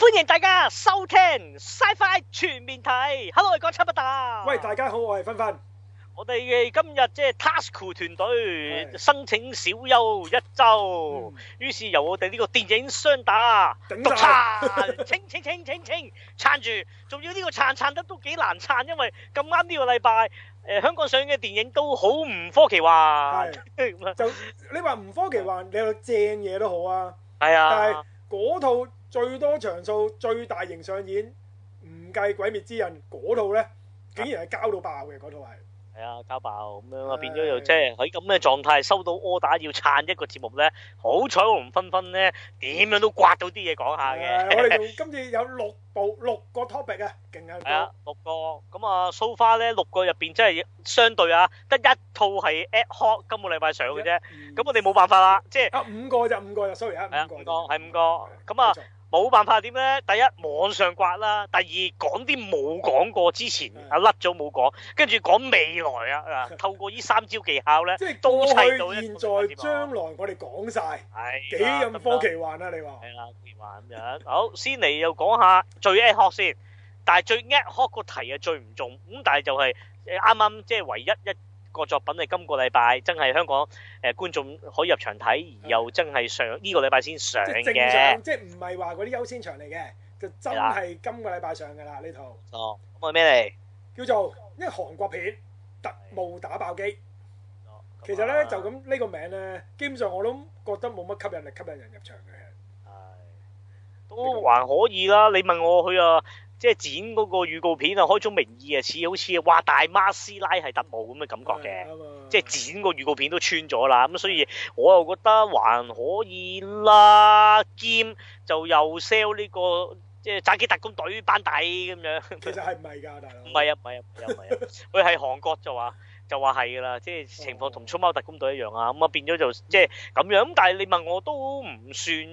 歡迎大家收聽《Sci-Fi 全面睇》guys。Hello，各位，港產不打。喂，大家好，我係分分。我哋嘅今日即係 Taskool 團隊申請小休一周，於是，hmm. 是由我哋呢個電影雙打，頂啊了，撐撐撐撐撐，撐 住，仲要呢個撐撐得都幾難撐，因為咁啱呢個禮拜，誒、呃，香港上映嘅電影都好唔科奇幻，的 就你話唔科奇幻，你有正嘢都好啊。係啊，但係嗰套。最多場數、最大型上演，唔計《鬼滅之刃》嗰套咧，竟然係交到爆嘅嗰套係。係啊，交爆咁樣啊，變咗又即係喺咁嘅狀態，收到 order 要撐一個節目咧，好彩我唔分分咧，點樣都刮到啲嘢講下嘅。我哋今次有六部六個 topic 啊，勁啊！係啊，六個咁啊，so far 咧六個入邊即係相對啊，得一套係 at hot 今個禮拜上嘅啫。咁我哋冇辦法啦，即係啊，五個就五個就收完啦。係啊，五個係五個咁啊。冇辦法點咧？第一網上刮啦，第二講啲冇講過之前啊，甩咗冇講，跟住講未來啊啊！透過呢三招技巧咧， 即係砌到現在、現在將來我，我哋講曬，幾咁荒謬啊？的你話係啊？荒謬咁樣。好，先嚟又講下最 ad hoc 先，但係最 ad hoc 個題啊最唔重咁，但係就係誒啱啱即係唯一一，個作品係今個禮拜真係香港誒、呃、觀眾可以入場睇，而又真係上呢的個禮拜先上嘅，即係唔係話嗰啲優先場嚟嘅，的就真係今個禮拜上噶啦呢套。哦，咩嚟？叫做因為、這個、韓國片《特務打爆機》，啊、其實咧就咁呢、這個名咧，基本上我都覺得冇乜吸引力，吸引人入場嘅。係，都、哦、還可以啦。你問我佢啊？即係剪嗰個預告片啊，開宗明義啊，似好似話大媽師奶係特務咁嘅感覺嘅，即係 剪個預告片都穿咗啦。咁所以我又覺得還可以啦。兼就又 sell 呢、這個即係炸機特工隊班底咁樣。其實係唔係㗎大佬？唔係啊，唔係啊，唔係啊。佢係韓國就話就話係㗎啦，即、就、係、是、情況同《出貓特工隊》一樣啊。咁啊、哦、變咗就即係咁樣。咁但係你問我都唔算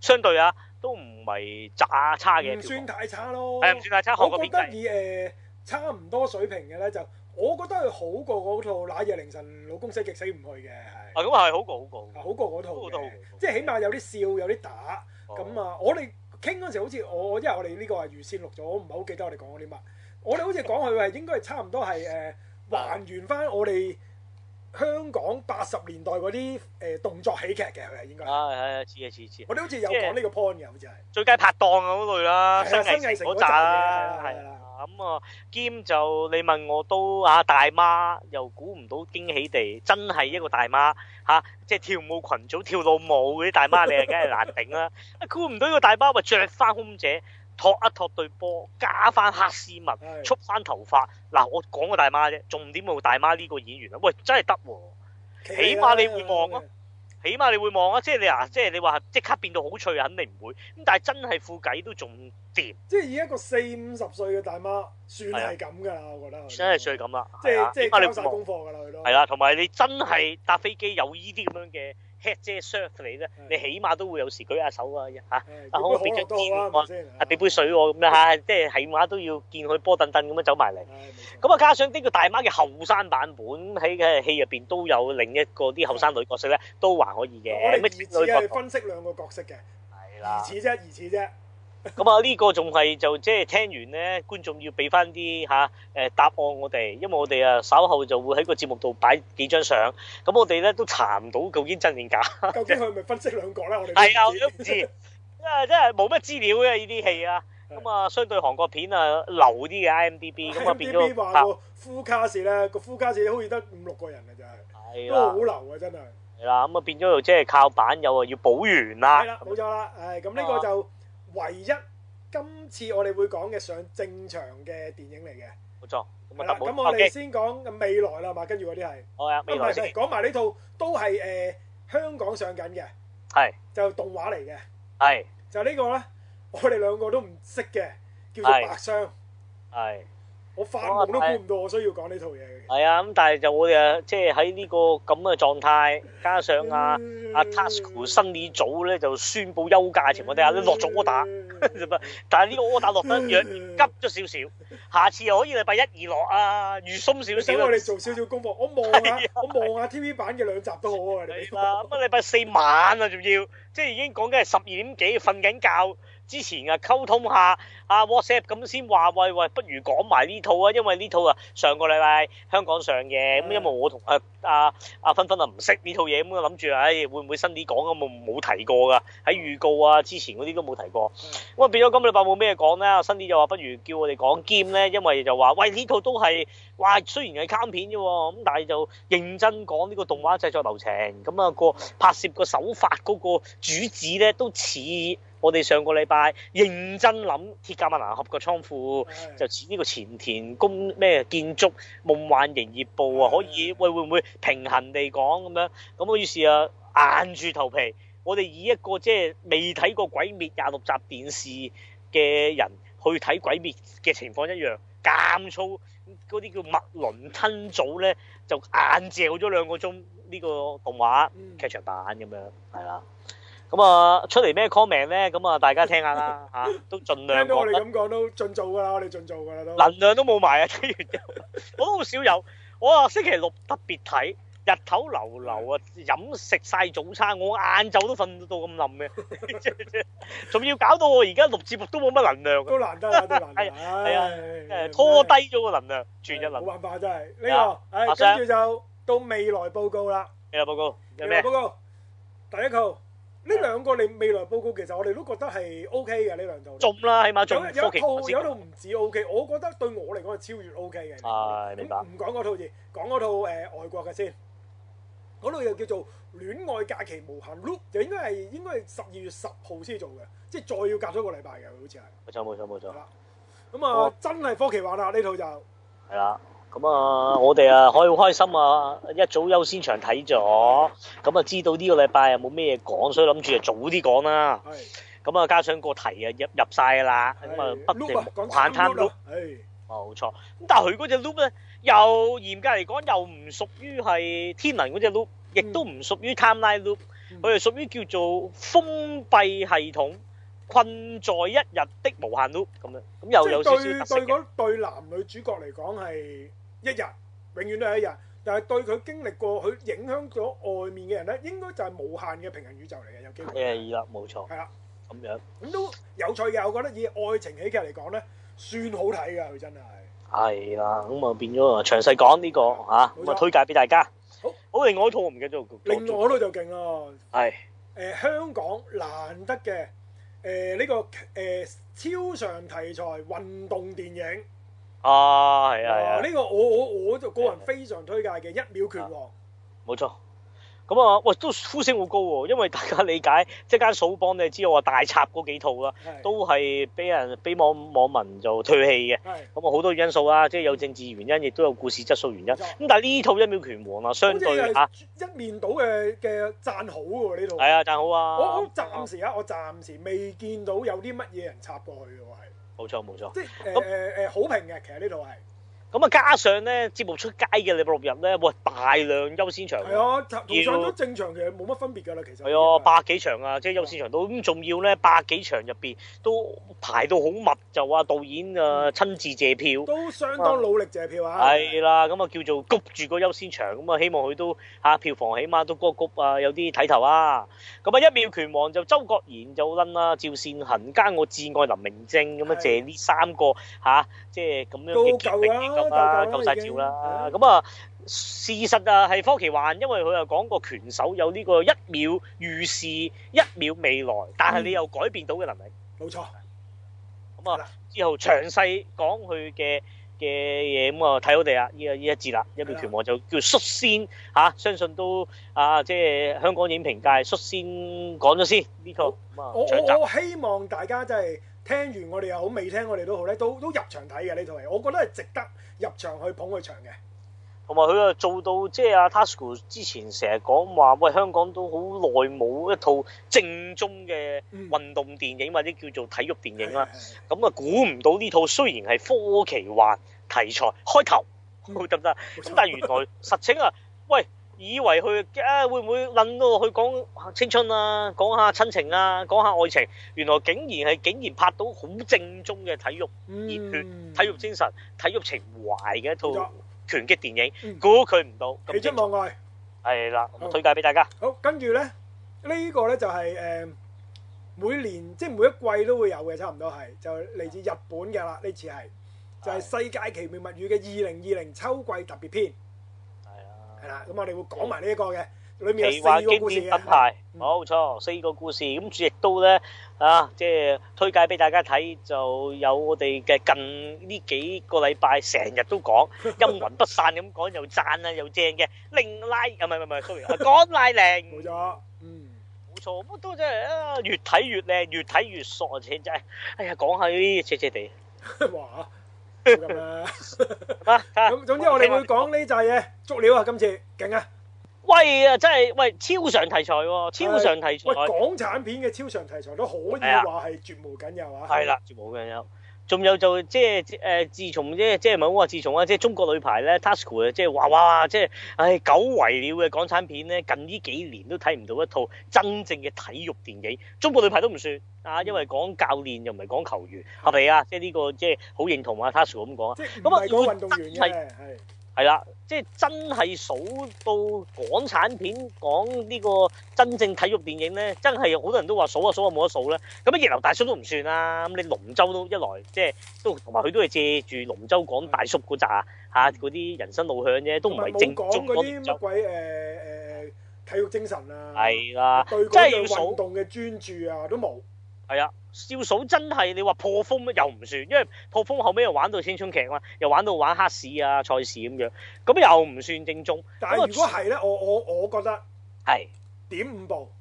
相對啊。都唔係渣差嘅，唔算太差咯。係唔算太差，好我覺得以誒、呃、差唔多水平嘅咧，就我覺得係好過嗰套《那夜凌晨老公死極死唔去》嘅。係啊，咁啊係好過好過，好過嗰套嘅。即係起碼有啲笑，有啲打。咁、哦、啊，我哋傾嗰陣時好似我，因為我哋呢個係預先錄咗，唔係好記得我哋講咗啲乜。我哋好似講佢話應該係差唔多係誒、呃、還原翻我哋。香港八十年代嗰啲誒動作喜劇嘅佢係應該，係係係似嘅似似。我哋好似有講呢個 point 嘅好似係，最佳拍檔嗰類啦，新藝的城嗰扎啦，係啊。咁、嗯、啊，兼就你問我都啊，大媽又估唔到驚喜地，真係一個大媽嚇、啊，即係跳舞群組跳老舞嗰啲大媽，你係梗係難頂啦。估唔、 啊、到一個大媽話着翻空姐。托一托對波，加翻黑絲襪，束翻頭髮。嗱，我講個大媽啫，重點冇大媽呢個演員啊。喂，真係得喎，起碼你會望啊，起碼你會望啊。即係你嗱，即係你話即刻變到好脆肯定唔會，咁但係真係富貴都仲掂。即係以一個四五十歲嘅大媽，算係咁㗎啦，我覺得。真係算係咁啦。即係即係交功課㗎啦，佢都。係啦，同埋你真係搭飛機有依啲咁樣嘅。h e short 嚟啫，ree, 的你起碼都會有時舉下手啊，啊可嚇、啊，阿康俾張紙喎，啊俾杯水喎咁啦嚇，啊啊、即係起碼都要見佢波墩墩咁樣走埋嚟。咁啊，加上呢個大媽嘅後生版本喺嘅戲入邊都有另一個啲後生女角色咧，的都還可以嘅。我哋乜？依家係分析兩個角色嘅，疑似啫，疑似啫。咁啊，呢個仲係就即係聽完咧，觀眾要俾翻啲嚇誒答案我哋，因為我哋啊稍後就會喺個節目度擺幾張相。咁我哋咧都查唔到究竟真定假。究竟佢係咪分飾兩角咧？我哋係啊，我都唔知。啊，真係冇乜資料嘅呢啲戲啊。咁啊，相對韓國片啊流啲嘅 IMDB 咁啊變咗。IMDB 話個副卡士咧，個副卡士好似得五六個人嘅就係，都好流啊，真係。係啦，咁啊變咗又即係靠版友啊要補完啦。係啦，冇錯啦，誒咁呢個就。唯一今次我哋會講嘅上正常嘅電影嚟嘅，冇錯。咁了我哋先講 Okay. 未來啦嘛，跟住嗰啲係，唔係講埋呢套都係誒、呃、香港上緊嘅，係是就動畫嚟嘅，係是就個呢個咧，我哋兩個都唔識嘅，叫做白箱，係。我發夢都估唔到，我需要講呢套嘢。係啊，咁但係就我啊，即係喺呢個咁嘅狀態，加上啊，阿 Tasco 生理組咧就宣布休假，情況底下你落咗柯打，但係呢個柯打落得若急咗少少，下次又可以禮拜一二落啊，預鬆少少。我哋做少少功課，我望下我望下 TV 版嘅兩集都好啊。咁啊禮拜四晚啊，仲要即係已經講緊係十二點幾瞓緊覺。之前啊，溝通下啊 WhatsApp 咁先話，喂喂，不如講埋呢套啊，因為呢套啊上個禮拜香港上嘅。咁因為我同阿啊啊芬芬啊唔識呢套嘢，咁啊諗住唉會唔會新啲講啊冇冇提過㗎？喺預告啊之前嗰啲都冇提過，咁啊變咗今個禮拜冇咩講咧，新啲就話不如叫我哋講劍咧，因為就話喂呢套都係話雖然係卡通片啫喎，咁但係就認真講呢個動畫製作流程，咁啊個拍攝個手法嗰個主旨咧都似。我哋上個禮拜認真諗鐵甲萬能俠個倉庫，嗯、就似呢個前田公咩建築夢幻營業部啊，可以喂會唔會平衡地講咁樣？咁我於是啊硬住頭皮，我哋以一個即係未睇過鬼滅廿六集電視嘅人去睇鬼滅嘅情況一樣，監粗，嗰啲叫麥倫吞組咧，就硬借咗兩個鐘呢、這個動畫劇場版咁樣，係啦。咁啊，出嚟咩 comment 咧？咁啊，大家聽下啦吓，都盡量。聽到我哋咁講都盡做噶啦，我哋盡做噶啦都能量都冇埋啊！真係都好少有。我啊，星期六特別睇，日頭流流啊，飲食晒早餐，我晏晝都瞓到咁冧嘅，仲要搞到我而家六節目都冇乜能量。都難得，都難得，係啊，拖低咗個能量，轉一輪。冇辦法真係呢個，唉，跟住就到未來報告啦。未來報告有咩？未來報告第一個。呢兩個你未來報告，其實我哋都覺得係 O K 嘅呢兩套，中啦，起碼仲有有一套有套唔止 O K，我覺得對我嚟講係超越 O K 嘅。係明白。唔講嗰套先，講嗰套誒外國嘅先，嗰套又叫做《戀愛假期無限 LOOP》，就應該係應該係十二月十號先做嘅，即係再要隔咗個禮拜嘅，好似係。冇錯，冇錯，冇錯。係啦，咁啊，真係科奇玩啦，呢套就係啦。咁啊，我哋啊可以好開心啊！一早優先場睇咗，咁啊知道呢個禮拜又冇咩嘢講，所以諗住就早啲講啦。咁啊，加上個題啊入入曬啦，咁啊不停無限 time loop，冇錯。咁但係佢嗰隻 loop 咧，又嚴格嚟講又唔屬於係天能嗰隻 loop，亦都唔屬於 timeline loop，佢係屬於叫做封閉系統，困在一日的無限 loop 咁樣。咁又有少少特色。即係對對嗰對男女主角嚟講係。一日永遠都係一日，但係對佢經歷過，佢影響咗外面嘅人咧，應該就係無限嘅平行宇宙嚟嘅，有機會。係啊係啦，冇錯。係啦，咁樣咁都有趣嘅，我覺得以愛情喜劇嚟講咧，算好睇㗎，佢真係。係啦，咁啊變咗詳細講呢個嚇，咁啊推介俾大家。好，另外一套我唔記得咗。另外一套就勁咯。係。誒香港難得嘅誒呢個誒超常題材運動電影。啊，係啊，係啊，呢個我我我就個人非常推介嘅《一秒拳王》，冇錯。咁啊，喂，都呼聲好高喎，因為大家理解，即係間數幫你知我話大插嗰幾套啦，都係俾人俾網網民就退戲嘅。咁啊，好多因素啦，即係有政治原因，亦都有故事質素原因。咁但係呢套《一秒拳王》啊，相對吓一面倒嘅嘅讚好喎，呢度係啊，讚好啊。我暫時啊，我暫時未見到有啲乜嘢人插過去嘅喎，係。冇錯冇錯，錯即係誒誒好平嘅，其實呢度係。咁啊，加上咧節目出街嘅禮拜六日咧，哇大量優先場，要、啊、都正常嘅冇乜分別㗎啦，其實係啊，百幾場啊，啊即係優先場都咁，仲要咧百幾場入邊都排到好密，就話導演啊親自借票、嗯，都相當努力借票啊，係、啊、啦，咁啊叫做谷住個優先場，咁啊希望佢都嚇、啊、票房，起碼都谷個啊有啲睇頭啊，咁啊一秒拳王就周國賢就撚啦，趙善恆加我至愛林明晶咁樣借呢三個嚇、啊，即係咁樣嘅啦，夠曬照啦。咁啊，事實啊係科奇幻，因為佢又講過拳手有呢個一秒預示一秒未來，但係你又改變到嘅能力。冇錯。咁啊，之後詳細講佢嘅嘅嘢，咁啊睇到哋啊呢啊呢一節啦，一秒拳王就叫率先嚇，相信都啊即係香港影評界率先講咗先呢個。我希望大家真係。聽完我哋又好，未聽我哋都好咧，都都入場睇嘅呢套戲，我覺得係值得入場去捧佢場嘅。同埋佢啊做到，即係啊 Tasco 之前成日講話，喂香港都好耐冇一套正宗嘅運動電影、嗯、或者叫做體育電影啦。咁啊估唔到呢套雖然係科奇幻題材，開頭得唔得？咁但係原來實情啊，喂！以為佢啊會唔會諗到去講青春啊，講下親情啊，講下愛情，原來竟然係竟然拍到好正宗嘅體育熱血、嗯、體育精神、體育情懷嘅一套拳擊電影，嗯、估佢唔到。喜出、嗯、望外。係啦，我推介俾大家。好，跟住呢，呢、呢個呢就係、是、誒每年即係每一季都會有嘅，差唔多係就嚟自日本嘅啦，呢次係就係、是《世界奇妙物語》嘅二零二零秋季特別篇。係啦，咁我哋會講埋呢一個嘅，裏面有四個故事嘅。奇幻經典品牌，冇錯，四個故事咁亦都咧啊，即係推介俾大家睇，就有我哋嘅近呢幾個禮拜成日都講，陰魂不散咁講，又讚啊又正嘅，令拉啊唔係唔係 sorry，講拉令。冇錯，嗯，冇錯，乜都真係啊，越睇越靚，越睇越傻，真係。哎呀，講下呢啲赤赤地。咁啊！咁 總之我哋會講呢扎嘢，足料啊！今次勁啊！喂啊！真係喂，超常題材喎，超常題材，港產片嘅超常題材都可以話係絕無僅有啊！係啦、哎呀、係嗎，絕無僅有。仲有就即係誒，自從即係即係唔好話自從啊，即係中國女排咧，Tasco 即係哇哇哇，即係唉久違了嘅港產片咧，近呢幾年都睇唔到一套真正嘅體育電影。中國女排都唔算啊，因為講教練又唔係講球員，係咪、嗯、啊？即係呢、呢個即係好認同啊，Tasco 咁講啊。即係唔係講運動員嘅。係係係啦，即係真係數到港產片講呢個真正體育電影咧，真係好多人都話數啊數啊冇得數啦。咁啊，熱流、啊啊、大叔都唔算啦，咁你龍舟都一來即係都同埋佢都係借住龍舟講大叔嗰扎吓嗰啲人生路向啫，都唔係正講嗰啲乜鬼誒誒、呃呃、體育精神啊，係啦的，對嗰啲運動嘅專注啊都冇，係啊。少數真係你話破風又唔算，因為破風後尾又玩到青春劇嘛，又玩到玩黑市啊、賽事咁樣，咁又唔算正宗。但係如果係咧，我我我覺得係是點五步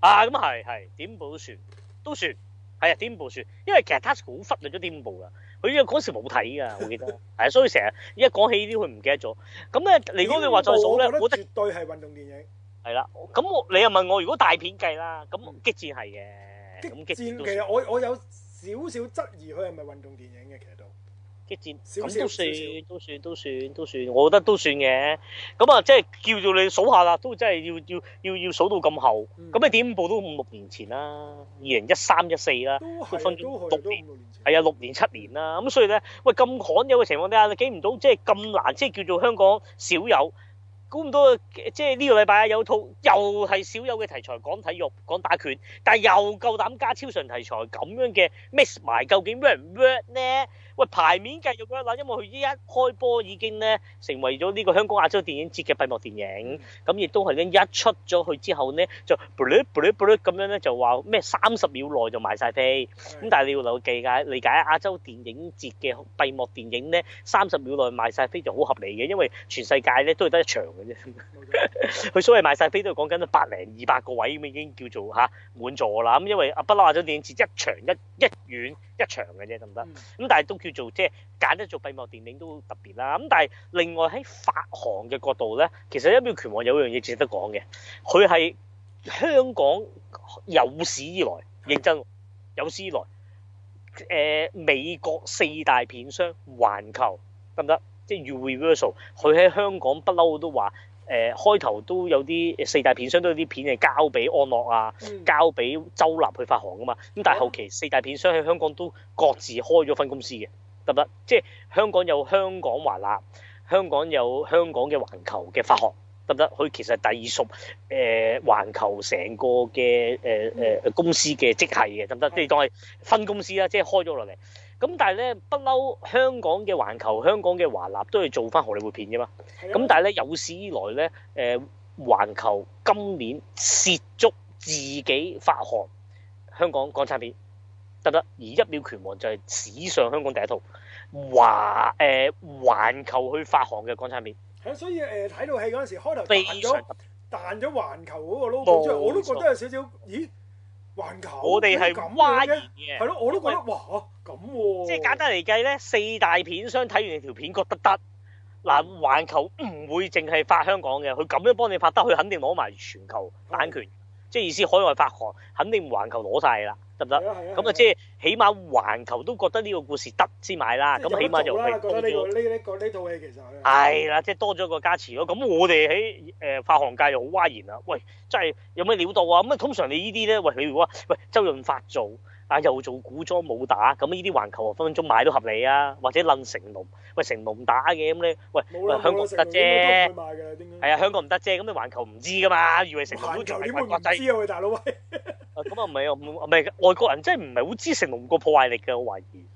啊，咁啊係係點五步都算都算，係啊點五步算，因為其實 Touch 好忽略咗點五步噶，佢因為嗰時冇睇噶，我記得係啊，所以成日一講起呢啲佢唔記得咗。咁咧，如果你話再數咧，我覺得絕對係運動電影。係啦，咁我你又問我如果大片計啦，咁激戰係嘅。激戰，其實我我有少少質疑佢係咪運動電影嘅，其實都激戰，咁都算都算都算都算，我覺得都算嘅。咁啊，即係叫做你數下啦，都真係要要要要數到咁後。咁你點報都五六年前啦，二零一三一四啦，六分六年係啊，六年七年啦。咁所以咧，喂咁罕有嘅情況底下，你記唔到即係咁難，即係叫做香港少有。估唔到即係呢個禮拜啊，有套又係少有嘅題材，講體育，講打拳，但係又夠膽加超常題材咁樣嘅 mix 埋，究竟 work 唔 work 呢？喂，排面繼續一攬，因為佢依一開波已經咧成為咗呢個香港亞洲電影節嘅閉幕電影，咁亦都係咧一出咗去之後咧就，咁樣咧就話咩三十秒內就賣晒飛，咁但係你要留意記解理解亞洲電影節嘅閉幕電影咧，三十秒內賣晒飛就好合理嘅，因為全世界咧都係得一場嘅啫，佢 所謂賣晒飛都係講緊百零二百個位咁已經叫做嚇滿座啦，咁因為阿不拉亞洲電影節一場一一院一場嘅啫，得唔得？咁但係都。叫做即係揀得做閉幕電影都特別啦，咁但係另外喺發行嘅角度咧，其實一秒拳王有樣嘢值得講嘅，佢係香港有史以來認真有史以來，誒、呃、美國四大片商環球得唔得？即係 Universal，佢喺香港不嬲都話。誒、呃、開頭都有啲四大片商都有啲片係交俾安樂啊，嗯、交俾周立去發行噶嘛。咁但係後期四大片商喺香港都各自開咗分公司嘅，得唔得？即係香港有香港華立，香港有香港嘅環球嘅發行，對對呃呃嗯、得唔得？佢其實隸屬誒環球成個嘅誒誒公司嘅職系嘅，得唔得？即係當係分公司啦，即係開咗落嚟。咁但係咧，不嬲香港嘅環球、香港嘅華納都係做翻荷里活片嘅嘛。咁的但係咧，有史以來咧，誒、呃、環球今年涉足自己發行香港港產片得唔得？而一秒拳王就係史上香港第一套華誒、呃、環球去發行嘅港產片。係啊，所以誒睇、呃、到戲嗰陣時，開頭彈咗彈咗環球嗰個 logo，錯我都覺得有少少咦環球會咁嘅嘅，係咯，我都覺得哇～咁即係簡單嚟計咧，四大片商睇完條片覺得得，嗱環球唔會淨係發香港嘅，佢咁樣幫你發得，佢肯定攞埋全球版權，即係意思海外發行肯定環球攞晒啦，得唔得？咁啊，即係起碼環球都覺得呢個故事得先買啦，咁起碼就係多呢個呢套戲其實係啦，即係多咗個加持咯。咁我哋喺誒發行界又好嘩然啦，喂，真係有咩料到啊？咁啊，通常你呢啲咧，喂，你如果喂周潤發做。但又做古裝武打，咁呢啲環球啊，分分鐘賣都合理啊，或者撚成龍，喂，成龍打嘅咁你，喂了香港唔得啫，係啊香港唔得啫，咁你環球唔知㗎嘛，以為成龍好強，唔係國際，啊佢大佬喂，咁啊唔係啊，唔係 外國人真係唔係好知成龍個破壞力嘅我懷疑。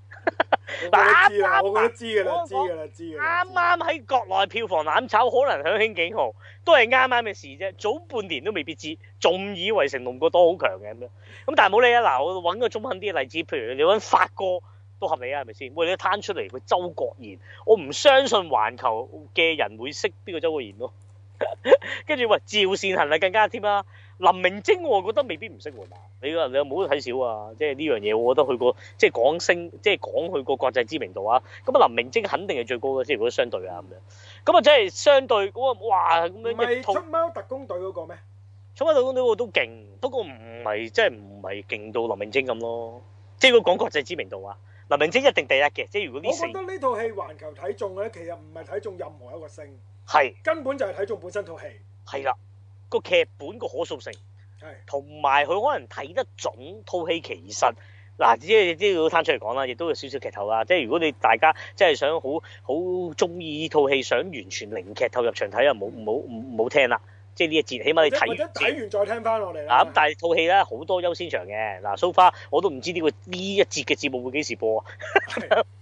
啱啱， 我 我都知噶啦我說，知噶啦，知噶啦。啱啱喺國內票房攬炒，可能響《興警號》，都係啱啱嘅事啫。早半年都未必知，仲以為成龍個檔好強嘅咁樣。咁但係冇理啊，嗱，我搵個中肯啲嘅例子，譬如你搵發哥都合理啊，係咪先？喂，你攤出嚟佢周國賢，我唔相信環球嘅人會識邊個周國賢咯，啊。跟 住喂，趙善恒，啊，更加添啦。林明禎，我覺得未必唔識喎，嘛？你話你有冇都睇少啊？即係呢樣嘢，我覺得佢個即係講星，即係講佢個國際知名度啊。咁啊，林明禎肯定係最高嘅即係，如果相對啊咁樣。咁啊，即係相對嗰個哇咁樣。唔係《出貓特工隊》嗰個咩？《出貓特工隊》嗰個都勁，不過唔係即係唔係勁到林明禎咁咯。即係佢果講國際知名度啊，林明禎一定第一嘅。即係如果呢？我覺得呢套戲環球睇中咧，其實唔係睇中任何一個星，係是根本就係睇中本身套戲。係啦。個劇本個可塑性，係同埋佢可能睇得準套戲其實嗱，即係都攤出嚟講啦，亦都有少少劇透啦。即係如果你大家真係想好好中意呢套戲，想完全零劇透入場睇啊，冇冇冇冇唔好聽啦。即呢一節，起碼你睇完，睇完再聽翻落嚟。啊，咁但係套戲咧好多優先場嘅。嗱，so far，我都唔知呢個呢一節嘅節目會幾時播。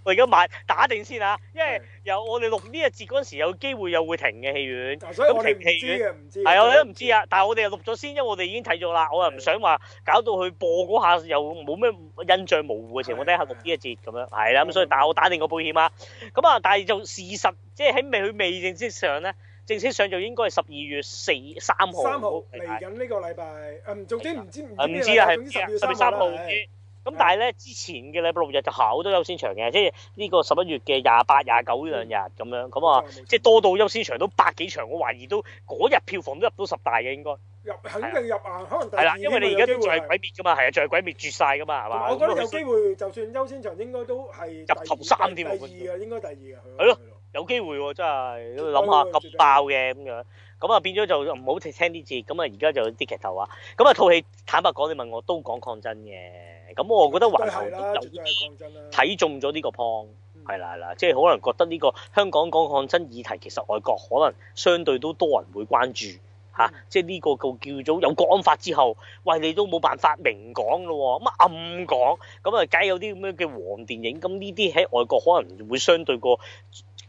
我而家買打定先啊，因為由我哋錄呢一節嗰陣時，有機會又會停嘅戲院。咁停戲院，係啊，我都唔知啊。但係我哋又錄咗先，因為我哋已經睇咗啦，我又唔想話搞到佢播嗰下又冇咩印象模糊嘅情況底下錄呢一節咁樣。係啦，咁所以但係我打定個保險啊。咁啊，但係就事實，即係喺未，去未正式上咧。正式上就應該係十二月四三號，三號嚟緊呢個禮拜。誒，總之唔知唔知。啊，係十月三號嘅。咁但係咧，之前嘅禮拜六日就好多優先場嘅，即係呢個十一月嘅廿八、廿九呢兩日咁樣。咁啊，即係多到優先場都百幾場，我懷疑都嗰日票房都入到十大嘅應該。入肯定入啊，可能係啦，因為你而家仲係鬼滅㗎嘛，係啊，仲係鬼滅絕晒㗎嘛，係嘛？我覺得有機會，就算優先場應該都係入頭三添冇第二第二嘅佢。係咯。有機會喎、哦，真係諗下撳爆嘅咁樣。咁啊變咗就唔好聽啲字，咁啊而家就啲劇透啊，咁啊套戲坦白講，你問我都講抗爭嘅，咁我覺得環球，有啲睇中咗呢個 point，係啦係啦，即係可能覺得呢、呢個香港講抗爭議題，其實外國可能相對都多人會關注。嚇、啊！即係呢個叫叫做有國安法之後，喂，你都冇辦法明講咯，咁啊暗講，咁啊梗係有啲咁樣嘅黃電影。咁呢啲喺外國可能會相對個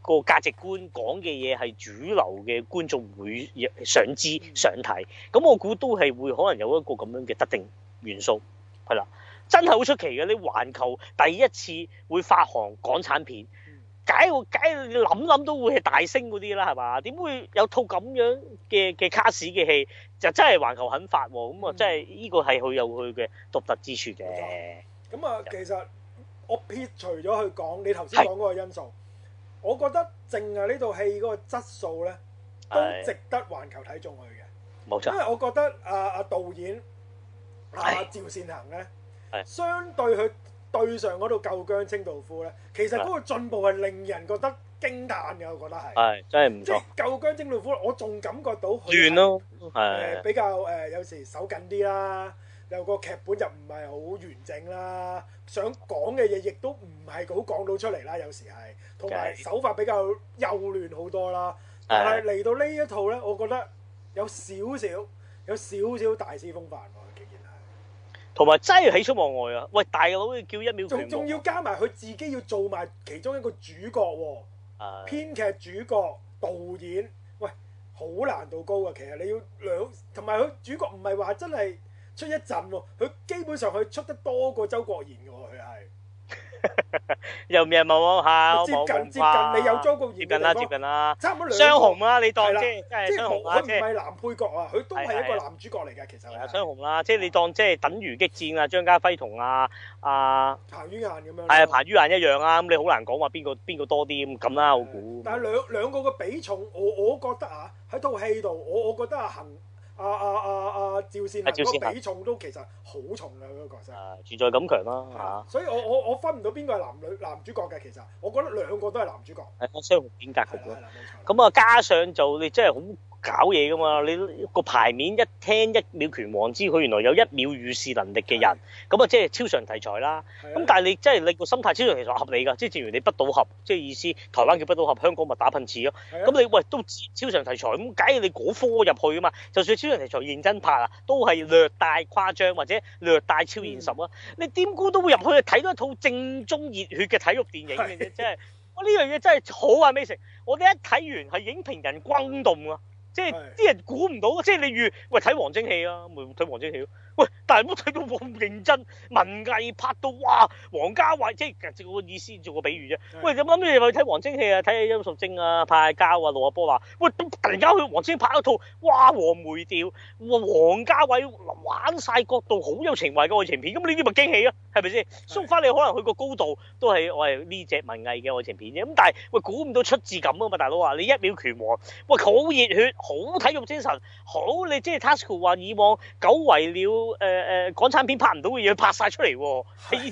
個價值觀講嘅嘢係主流嘅觀眾會想知想睇。咁我估都係會可能有一個咁樣嘅特定元素，係啦，真係好出奇嘅，你環球第一次會發行港產片。解我解，你諗諗都會係大聲嗰啲啦，係嘛？點會有套咁樣嘅嘅卡士嘅戲，就真係環球肯發喎？咁啊，真係呢個係佢有佢嘅獨特之處嘅。咁啊，其實我撇除咗佢講你頭先講嗰個因素，我覺得淨係呢套戲嗰個質素咧，都值得環球睇中佢嘅。冇錯，因為我覺得阿阿導演阿趙善恒咧，相對佢對上嗰套《舊姜清道夫》咧，其實嗰個進步係令人覺得驚歎嘅，我覺得係。係，真係唔錯。即係舊姜清道夫，我仲感覺到佢係誒比較誒、 呃呃、有時手緊啲啦，有個劇本就唔係好完整啦，想講嘅嘢亦都唔係好講到出嚟啦，有時係。同埋手法比較幼嫩好多啦，但係嚟到呢一套咧，我覺得有少少有少少大師風範。同埋真係喜出望外啊！喂，大佬叫一秒拳王，仲仲要加埋佢自己要做埋其中一個主角編、哦、劇、uh、主角、導演，喂，好難度高啊，其實你要兩同埋佢主角唔係話真係出一陣喎、哦，佢基本上佢出得多過周國賢嘅又唔係冇冇係，接近接近你有裝過耳膜？接近啦，接近啦，雙雄啦，你當即係即係雙雄啊！即係佢唔係男配角啊，佢都係一個男主角嚟㗎，其實係雙雄啦，即係你當即係等於激戰啊，張家輝同阿阿彭于晏咁樣，係啊，彭于晏一樣啊，咁你好難講話邊個邊個多啲咁啦，我估。但係兩兩個嘅比重，我我覺得啊，喺套戲度，我我覺得啊。啊啊啊，阿、uh, uh, uh, uh, 趙善恒嗰比重都其實好重嘅嗰角色，存在感強啦嚇。啊、所以我我我分唔到邊個係男女男主角嘅，其實我覺得兩個都係男主角。係雙雄片格局咯。咁啊，革革加上就你真係好。搞嘢㗎嘛？你個牌面一聽一秒拳王，知佢原來有一秒預視能力嘅人，咁啊即係超常題材啦。咁但係你真係你個心態超常題材合理㗎，即係正如你不倒俠，即係意思台灣叫不倒俠，香港咪打噴嚏咯。咁、嗯、你喂都超常題材，咁假如你嗰科入去啊嘛。就算超常題材認真拍啦，都係略帶誇張或者略帶超現實啊。你掂估都會入去睇到一套正宗熱血嘅體育電影嘅啫，是的 即係我呢樣嘢真係好啊！美食，我哋一睇完係影評人轟動啊！即係啲人估唔到嘅，即係你如喂睇王晶戲啊，咪睇王晶戲咯。喂，唔好睇到咁認真，文藝拍到哇，王家衛即係個意思做個比喻啫。喂，咁諗咩？你去睇王晶戲啊，睇下邱淑貞啊，派阿膠啊，羅阿波話喂，突然間去王晶拍一套哇，黃梅調，王家衛玩晒角度，好有情懷嘅愛情片。咁你呢啲咪驚喜啊？係咪先？所以翻嚟可能去個高度都係我係呢隻文藝嘅愛情片啫。咁但係喂估唔到出自咁啊嘛，大佬啊，你一秒拳王喂好熱血，好體育精神，好你即係 Tasko 話以往久違了誒誒港產片拍唔到嘅嘢拍晒出嚟喎，喺呢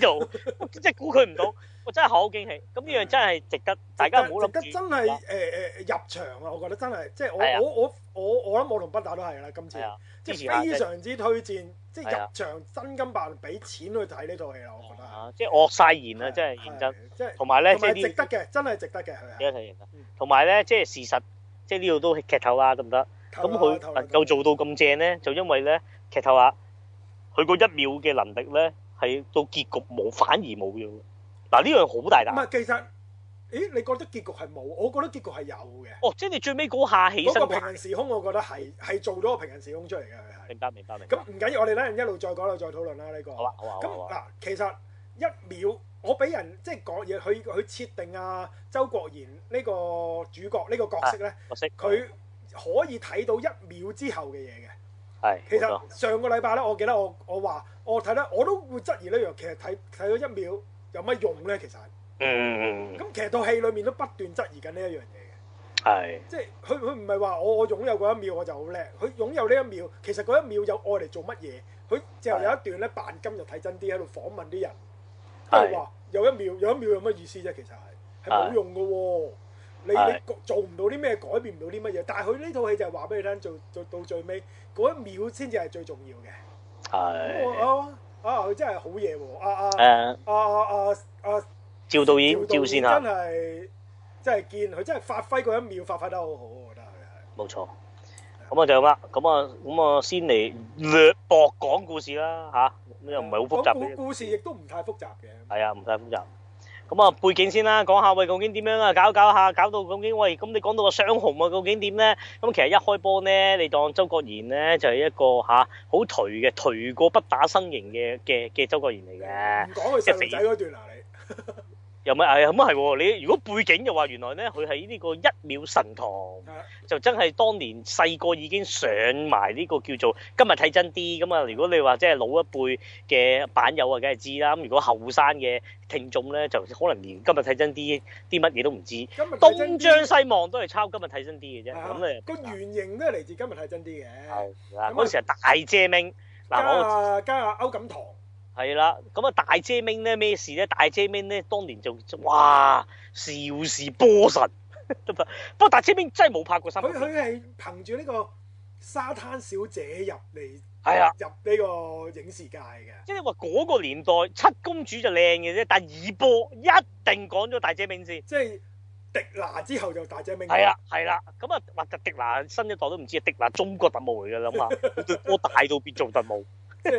度即係估佢唔到，我真係好驚喜，咁呢樣真係值得大家好值得真係誒誒入場啊！我覺得真係即係我我我我我諗我同不打都係啦，今次即係非常之推薦，即係入場真金白銀畀錢去睇呢套戲啦，我覺得啊，即係惡晒言啊，真係認真，即係同埋咧，即係值得嘅，真係值得嘅，係咪啊？而家睇值得？同埋咧，即係事實。即係呢度都係劇頭啊，得唔得？咁佢能夠做到咁正咧，就因為咧劇頭啊，佢個一秒嘅能力咧係到結局冇，反而冇咗。嗱呢樣好大膽。唔係，其實，誒，你覺得結局係冇，我覺得結局係有嘅。哦，即係你最尾嗰下起身。嗰個平行時空，我覺得係係做咗個平行時空出嚟嘅，係。明白，明白，明白。咁唔緊要，我哋呢一路再講，一路再討論啦呢個。好啊，好啊，好啊。咁嗱，其實一秒。我俾人即係講嘢，佢佢設定啊，周國賢呢個主角呢、呢個角色咧，佢、啊、可以睇到一秒之後嘅嘢嘅。係、哎，其實上個禮拜咧，我記得我我話我睇咧，我都會質疑呢樣，其實睇睇咗一秒有乜用咧？其實，嗯，咁其實套戲裏面都不斷質疑緊呢一樣嘢嘅。係、哎，即係佢佢唔係話我我擁有嗰一秒我就好叻，佢擁有呢一秒，其實嗰一秒有愛嚟做乜嘢？佢之後有一段咧扮今日就睇真啲喺度訪問啲人。都係話有一秒有一秒有乜意思啫？其實係係冇用嘅喎、哦，你的你做唔到啲咩，改變唔到啲乜嘢。但係佢呢套戲就係話俾你聽，做做，做到最尾嗰一秒先至係最重要嘅。係啊的、哦、啊！佢真係好嘢喎！啊啊啊啊啊啊！趙導演，趙先生真係真係見佢真係發揮嗰一秒，發揮得好好，我覺得佢係冇錯。咁啊就咁啦，咁啊咁啊先嚟略薄講故事啦吓，咁、啊、又唔係好複雜故事亦都唔太複雜嘅。係啊，唔太複雜。咁啊、嗯、背景先啦，講下喂究竟點樣啊？搞搞下搞到究竟喂，咁你講到個雙雄啊，究竟點咧？咁其實一開波呢，你當周國賢呢，就係、是、一個吓好頹嘅頹過不打身形嘅嘅嘅周國賢嚟嘅。唔講佢細肥仔嗰段啊你。又咪誒咁啊你如果背景又話原來咧，佢喺呢個一秒神堂，啊、就真係當年細個已經上埋呢個叫做今日睇真啲咁啊！如果你話即係老一輩嘅版友啊，梗係知啦。咁如果後生嘅聽眾咧，就可能連今日睇真啲啲乜嘢都唔知。今日睇真啲,東張西望都係抄今日睇真啲嘅啫。咁咧已、啊、個原型都係嚟自今日睇真啲嘅。係嗱、啊，嗰時係大謝明嗱，我加下上歐錦棠。係啦，咁啊大姐明咧咩事咧？大姐明咧當年就哇，邵氏、波神，行不行，不過，大姐明真係冇拍過三。佢佢係憑住呢個沙灘小姐入嚟，係啊的，入呢個影視界嘅。即係話嗰個年代七公主就靚嘅啫，但二波一定講咗大姐明先。即係狄娜之後就大姐明。係啦，係啦，咁啊，話狄娜新一代都唔知狄娜中國特務嚟嘅，諗嘛，佢對波 大到變做特務。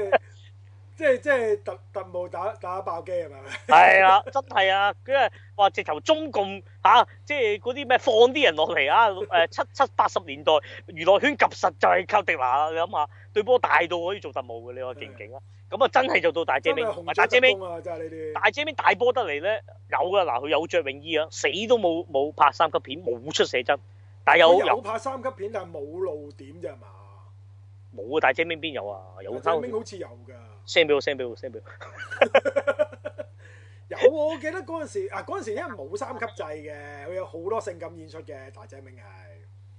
即係即係特特務打打爆機係咪？係 啊，真係啊！佢係話直頭中共嚇，即係嗰啲咩放啲人落嚟啊！誒七七八十年代娛樂圈及實就係、是、靠狄娜。啦，你諗下，對波大到可以做特務嘅，你話勁唔勁啊？咁啊的，真係做到大姐明，唔係、啊、大姐明啊！真、就、係、是、你啲大姐明大波得嚟咧，有噶嗱，佢、啊、有着泳衣啊，死都冇冇拍三級片，冇出寫真，但有有拍三級片，但冇露點啫係嘛？冇啊！大姐明邊有啊？有大姐明好似有㗎。聲表聲表聲表，我我 有我記得嗰陣時啊，嗰陣時因為冇三級制嘅，佢有好多性感演出嘅大姐明係。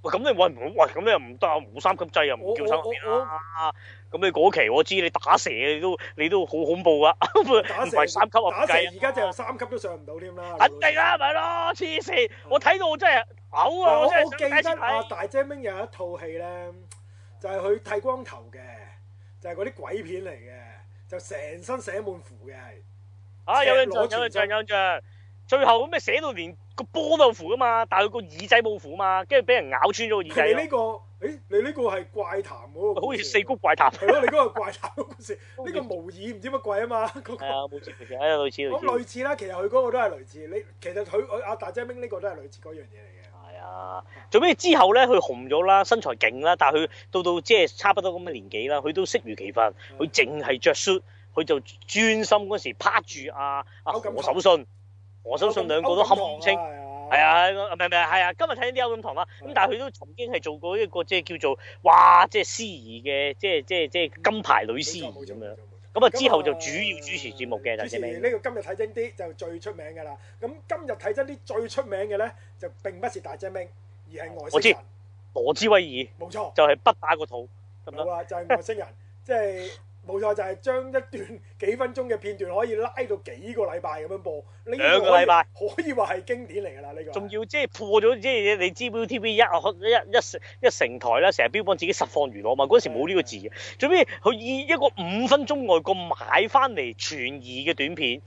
喂，咁你喂唔好，喂咁你又唔得啊，冇三級制又唔叫三級啦。咁、啊、你嗰期我知你打蛇你都你都好恐怖啊， 打蛇三級啊計啊。而家就三級都上唔到添啦。肯定啦，咪咯，黐線、啊就是啊就是啊！我睇到我真係嘔啊！我，我真係好記得！大姐明有一套戲咧，就係佢剃光頭嘅。就係嗰啲鬼片嚟嘅，就成身寫滿符嘅，啊，有印象有印象有印象，最後咁咩寫到連個波都符噶嘛，但係佢個耳仔冇符嘛，跟住俾人咬穿咗個耳仔。你呢個，誒你呢個係怪談喎，好似四谷怪談。係咯，你嗰個怪談故事，呢 個無耳唔知乜鬼啊嘛，個。係 啊，冇錯冇錯，誒類、哎、類似。咁類似啦，其實佢嗰個都係類似，你其實佢佢阿大姐明呢個都係類似嗰樣嘢嚟嘅。啊！做咩之後咧，佢紅咗啦，身材勁啦，但係佢到到即係差不多咁嘅年紀啦，佢都適如其分，佢淨係着恤，佢就專心嗰時趴住啊。阿、啊、何守信，錦何守信兩個都堪唔清，係啊，係唔係？啊，今日睇啲歐錦棠啊。咁聲、啊、但係佢都曾經係做過一個即係叫做哇，即係司儀嘅，即係即係即係金牌女司儀咁樣。嗯嗯嗯嗯嗯嗯嗯咁啊，之後就主要主持節目嘅大隻明、嗯。主持呢個今日睇真啲就最出名嘅啦。咁今日睇真啲最出名嘅咧，就並不是大隻明，而係外星人羅之威爾。冇錯，就係不打個肚咁樣啦。冇啦，就係外星人，錯即係。冇錯，就係、是、將一段幾分鐘嘅片段可以拉到幾個禮拜咁樣播，這個、兩個禮拜可以話係經典嚟㗎啦呢個，仲要即係破咗即係你知，ViuTV 一一一成一成台啦，成日標榜自己實況娛樂嘛，嗰陣時冇呢個字嘅，最尾佢以一個五分鐘外國買翻嚟全疑嘅短片。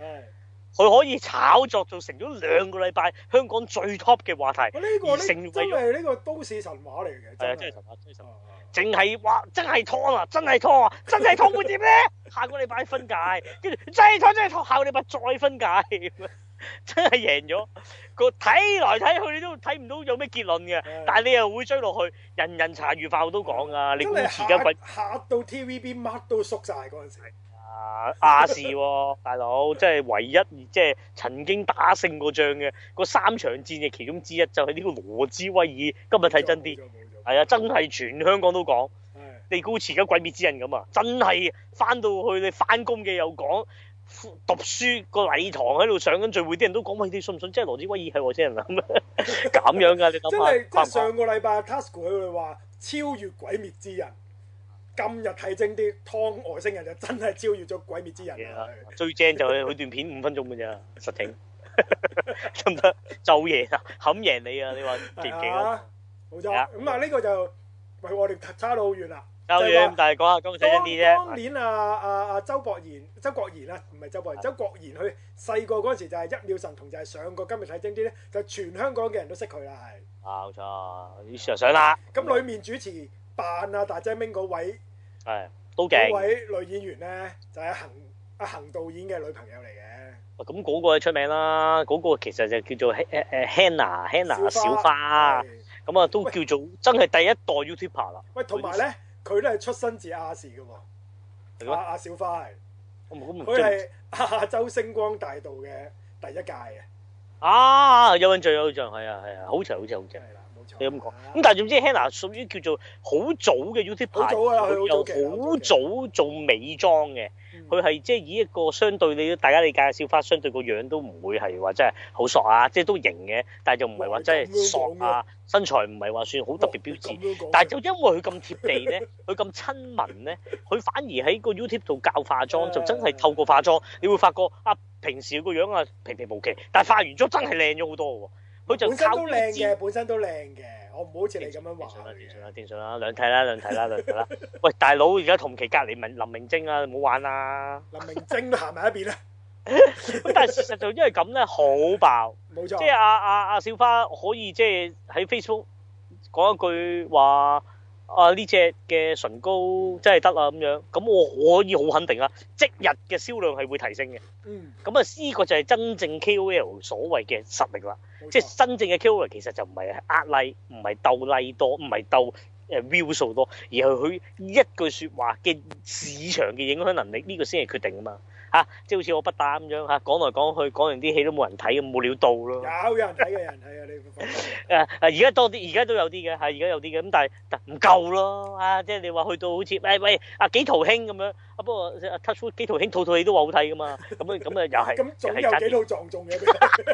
佢可以炒作做成咗兩個禮拜香港最 top 嘅話題，而成為呢個都市神話嚟嘅。係啊，真係神話，真係神話。淨係話真係拖啊，真係拖啊，真係拖會點咧？下個禮拜分解，跟住真係拖真係拖，下個禮拜再分解，真係贏咗。個睇來睇去你都睇唔到有咩結論嘅，但係你又會追落去。人人茶餘飯我都講啊，你估遲啲鬼嚇到 TVB 乜都縮晒嗰陣時。 啊！亞視喎，大佬，即係唯一即係曾經打勝過仗嘅，個三場戰役其中之一就係呢個羅志威爾。今日睇真啲，係啊，真係全香港都講。的你估似而家鬼滅之刃咁啊？真係翻到去你翻工嘅又講，讀書、個禮堂喺度上緊聚會，啲人都講喂，你信唔信？即係羅志威爾係外星人啊？咁 樣噶，你諗下。 上個禮拜 t a s k o 佢會話超越鬼滅之人。今日睇真啲《湯外星人》就真係超越咗《鬼滅之刃》。最正就係佢段片五分鐘嘅啫，實情得唔得？做贏啊，冚贏你啊！你話勁唔勁啊？冇錯，咁啊呢個就喂我哋差到好遠啦。差遠，但係講下今日睇真啲咧。當年啊啊啊周國賢，周國賢啊，唔係周國賢，周國賢佢細個嗰時就係一秒神童，就係上過。今日睇真啲咧，就全香港嘅人都識佢啦，係。啊，冇錯，呢時就上啦。咁裡面主持。扮啊！大姐明嗰位係都勁嗰位女演員咧，就係恆阿恆導演嘅女朋友嚟嘅。喂，咁嗰個出名啦，嗰個其實就叫做誒誒 Hannah，Hannah 小花。咁啊，都叫做真係第一代 YouTuber 啦。喂，同埋咧，佢都係出身自亞視噶喎。係咩？阿小花係，佢係亞洲星光大道嘅第一屆啊。啊！有印象，有印象，係啊，係啊，好長，好長，好長。你咁講，咁但係總之 Hannah 屬於叫做好早嘅 YouTube 牌，佢又好早、啊、做美妝嘅，佢係即係以一個相對你大家理解嘅笑花，相對個樣都唔會係話真係好索啊，即係都型嘅，但係又唔係話真係索啊，身材唔係話算好特別標誌，但係就因為佢咁貼地咧，佢咁 親民咧，佢反而喺個 YouTube 度教化妝， 就真係透過化妝，你會發覺啊，平時個樣啊平平無奇，但係化完妝真係靚咗好多喎。好都靚嘅，本身都靚嘅，我唔好似你咁樣話。電啦，電啦，電啦，兩睇啦，兩睇啦，兩睇啦。 喂，大佬，而家同期隔離明林明禎啊，唔好玩啦。林明禎都行埋一邊啦。咁 但係事實就因為咁咧，好爆，冇錯。即係阿阿阿小花可以即係喺 Facebook 講一句話，啊呢隻嘅唇膏真係得啊咁樣。咁我可以好肯定啊，即日嘅銷量係會提升嘅。嗯。咁啊，呢個就係真正 KOL 所謂嘅實力啦。即係真正嘅 killer 其實就唔係壓例，唔係鬥例多，唔係鬥誒 view 數多，而係佢一句説話嘅市場嘅影響能力呢、呢個先係決定嘛啊嘛嚇！即係好似我不打咁樣嚇、啊，講來講去講完啲戲都冇人睇，冇料到咯。有有人睇有人睇嘅，你誒誒而家多啲，而家都有啲嘅，係而家有啲嘅咁，但係唔夠咯啊！即係你話去到好似、哎、喂喂啊紀陶兄咁樣，不過 cut show 紀陶兄套套戲都話好睇噶嘛，咁樣咁啊又係。咁 總有幾套撞中嘅。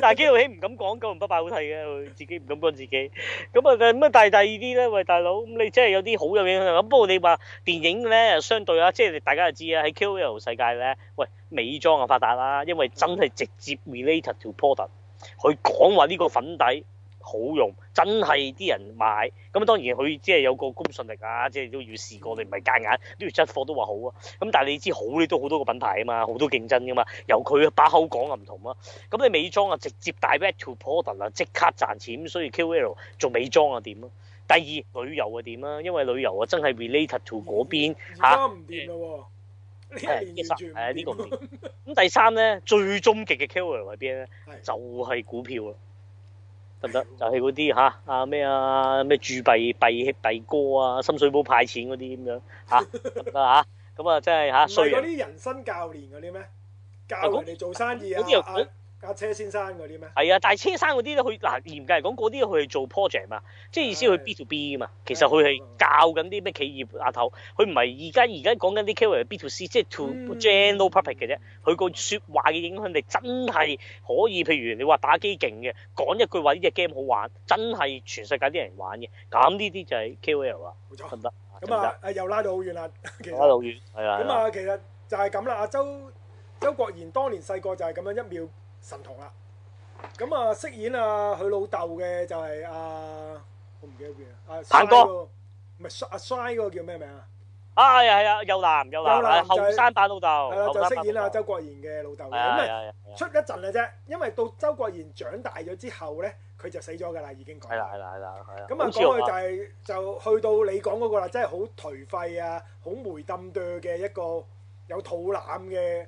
大嬌喜唔敢講，咁唔不敗好睇嘅，自己唔敢講自己。咁啊，咁啊，大第二啲咧，喂，大佬，咁你真係有啲好有影響。咁不過你話電影咧，相對啊，即係大家就知啊，喺 KOL 世界咧，喂，美妝啊發達啦，因為真係直接 related to product，去講話呢個粉底，好用，真係啲人買，咁啊當然佢即係有個公信力啊，即係都要試過，你唔係介眼，都要出貨都話好啊。咁但係你知好你都好多個品牌啊嘛，好多競爭噶嘛，由佢把口講啊唔同咯。咁你美妝啊直接 direct to product 啦，啊，即刻賺錢，所以 KOL 做美妝啊點咯。第二旅遊啊點啊，因為旅遊啊真係 related to 嗰邊吓。而家唔掂啦，呢一年完全唔掂，啊。咁、呢個、 第三咧最終極嘅 KOL 喺邊咧？ 就係股票咯，啊。得唔得？就係嗰啲吓，阿咩啊咩注幣幣幣哥啊，深水埗派錢嗰啲咁樣吓，得唔得嚇？咁啊，即係嚇，係嗰啲人生教練嗰啲咩，教人哋做生意啊啊！嗰啲又 架車先生嗰啲咩？係啊，但係車生嗰啲咧，佢嗱嚴格嚟講，嗰啲佢係做 project 嘛，即係意思佢 B to B 啊嘛。其實佢係教緊啲咩企業阿頭，佢唔係而家而家講緊啲 KOL B to C，即係 to general public 嘅啫。佢個説話嘅影響力真係可以，譬如你話打機勁嘅，講一句話呢隻 game 好玩，真係全世界啲人玩嘅。咁呢啲就係 KOL 啊，冇錯，係唔得。咁啊，又拉到好遠啦，其實拉到好遠，係啊。咁啊，其實就係咁啦。阿周周國賢當年細個就係咁樣一秒。神童啦，咁啊、呃，飾演啊佢老豆嘅就係啊，我唔記得邊啊，阿閂哥，唔係阿閂嗰個叫咩名啊？啊呀，係啊，又男又男，男男就係、後生版老豆，係啦、啊，就飾演啊周國賢嘅老豆咁啊，出一陣啦啫，因為到周國賢長大咗之後咧，佢、啊、就死咗㗎啦，啊啊、已經講。係啦，係啦，係啦，係啦。咁啊，講佢就係就去到你講嗰個啦，真係好頹廢啊，好霉冧哚嘅一個有肚腩嘅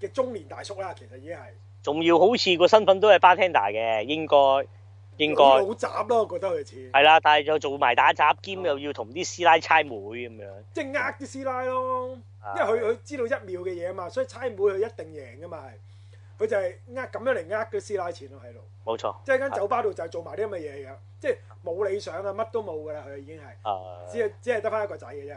嘅中年大叔啦，的其實已經係。仲要好似個身份都係 bartender 嘅，應該應該。好雜咯，我覺得佢似。係啦、啊，但係就做埋打雜，兼又要同啲師奶猜妹咁、嗯、樣。即係呃啲師奶咯，因為佢佢、嗯、知道一秒嘅嘢啊嘛，所以猜妹佢一定贏噶嘛係。佢就係呃咁樣嚟呃啲師奶錢咯喺度。冇錯，即係間酒吧度就係做埋啲咁嘅嘢樣，嗯、即係冇理想啊，乜都冇噶啦，佢已經係、嗯。只係只係得翻一個仔嘅啫。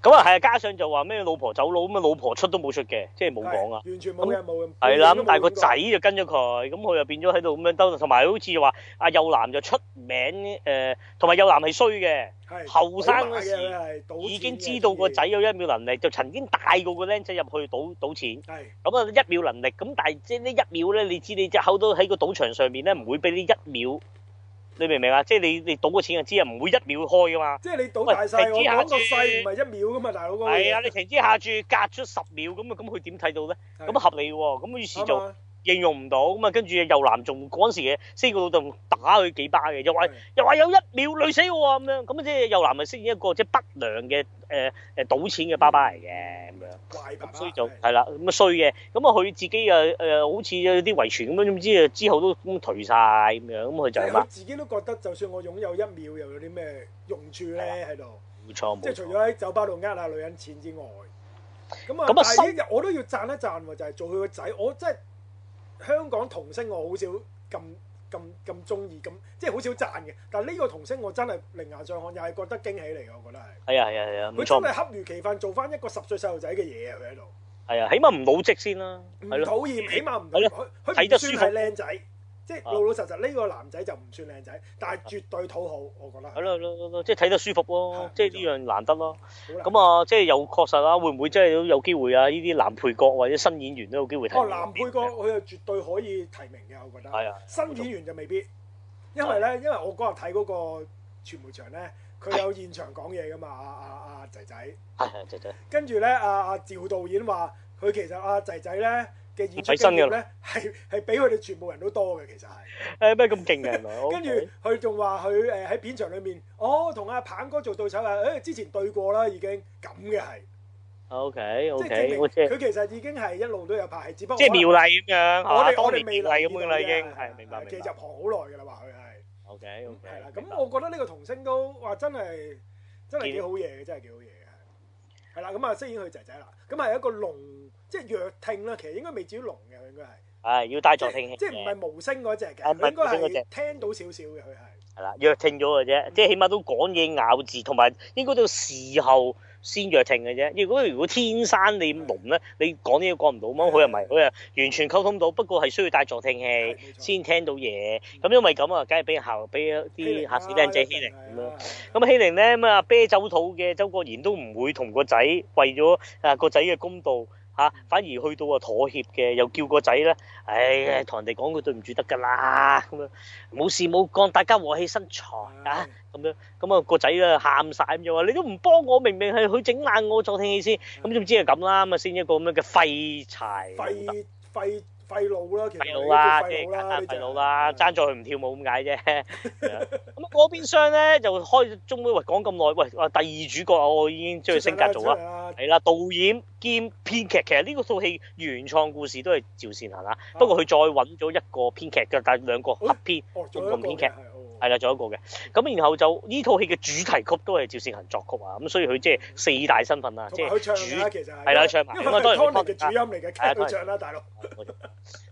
咁啊，係啊，加上就話咩老婆走佬咁啊，老婆出都冇出嘅，即係冇講啊，完全冇嘢冇。係啦、嗯，咁的但係個仔就跟咗佢，咁佢又變咗喺度咁樣兜，同埋的好似話阿幼男就出名誒，同、呃、埋幼男係衰嘅，後生嗰時已經知道個仔有一秒能力，就曾經帶過個僆仔入去賭賭錢。係的，咁啊、嗯、一秒能力，咁但係即係呢一秒咧，你知你只口都喺個賭場上面咧，唔會俾你一秒。你明唔明啊？即係你你賭嘅錢啊，知啊，唔會一秒開噶嘛。即係你賭大細，我賭個細唔係一秒噶嘛， 嘛，大佬。係啊，你停止下注，隔出十秒咁啊，咁佢點睇到咧？咁是合理喎、哦，咁於是就。應用唔到咁啊！跟住又男仲嗰陣時嘅四個老豆打佢幾巴嘅的，又話又話有一秒累死我咁樣，咁即係又男咪出現一個即係不良嘅誒誒賭錢嘅爸爸嚟嘅咁樣，怪爸爸，所以就係啦，咁啊衰嘅，咁啊佢自己啊誒、呃、好似有啲遺傳咁，點知之後都咁頹晒，咁樣，咁佢就係、是、我自己都覺得，就算我擁有一秒，又有啲咩用處咧喺度？冇錯，即係沒 除咗喺酒吧度呃下女人錢之外，咁啊，但係一日我都要賺一賺喎，就係做佢個仔，我真係。香港童星我好少咁咁咁中意咁，即係好少讚嘅。但係呢個童星我真係另眼相看，又係覺得驚喜嚟嘅，我覺得係。係啊係啊係啊，冇錯。佢真係恰如其分做翻一個十歲細路仔嘅嘢啊！佢喺度。係啊，起碼唔老積先啦。唔討厭，起碼唔佢佢都算係靚仔。即係老老實實呢個男仔就唔算靚仔，但係絕對討好，我覺得係。係咯，即係睇得舒服咯，即係呢樣難得咯。咁啊，即係有確實啦，會唔會即係都有機會啊？呢啲男配角或者新演員都有機會提名。哦，男配角佢就絕對可以提名嘅，我覺得。係啊。新演員就未必，因為咧，因為我嗰日睇嗰個傳媒場咧，佢有現場講嘢噶嘛，阿阿阿仔仔。係啊，仔仔。跟住咧，阿阿趙導演話：佢其實阿仔仔咧。睇新嘅咧，係係比佢哋全部人都多嘅，其實係。誒咩咁勁嘅？跟住佢仲話佢誒喺片場裏面，哦同阿彭哥做對手啊！誒之前對過啦，已經咁嘅係。O K O K，佢其實已經係一路都有拍，係只不過即係苗麗咁樣，我哋我哋未嚟咁樣啦，已經係明白明白。入行好耐嘅啦，話佢係。O K O K，係啦。咁我覺得呢個童星都話真係真係幾好嘢嘅，真係幾好嘢嘅。係啦，咁啊，飾演佢仔仔啦，咁係一個龍，即係弱聽啦，其實應該未至於聾嘅，佢應該係係要帶助聽器，即係唔係無聲嗰隻嘅，應該係聽到少少嘅，佢係係啦，弱聽咗嘅啫，即係起碼都講嘢咬字同埋應該到時候先弱聽嘅啫。如果如果天生你聾咧，你講啲嘢講唔到，咁佢又唔係佢又完全溝通到，不過係需要帶助聽器先聽到嘢。咁因為咁啊，梗係俾人後俾一啲下士靚仔欺凌咁樣。咁欺凌咧咁啊，啤酒肚嘅周國賢都唔會同個仔為咗啊個仔嘅公道。嚇、啊，反而去到啊妥協嘅，又叫個仔咧，哎呀，同人哋講句對唔住得㗎啦，咁樣冇事冇幹，大家和氣生財啊，咁樣，咁啊、個仔咧喊晒，咁就話，你都唔幫我，明明係佢整爛我，助聽器先。咁總之係咁啦，咁啊先一個咁樣嘅廢柴。廢廢廢佬啦，其實即係簡單廢佬啦，爭咗佢唔跳舞咁解啫。咁嗰 邊廂咧就開中，終於喂講咁耐，喂喂第二主角，我已經將佢升格咗。係啦，啦，導演兼編劇，其實呢個套戲原創故事都係趙善行啦，啊、不過佢再揾咗一個編劇，即係帶兩個合編共同、哦、編劇。係啦，仲有一個嘅，咁然後就呢套戲嘅主題曲都係趙善恒作曲啊，咁所以佢即係四大身份啊，即係主，唱啦，係啦，唱，咁啊都係，佢嘅主音嚟嘅，聽佢唱啦，大佬。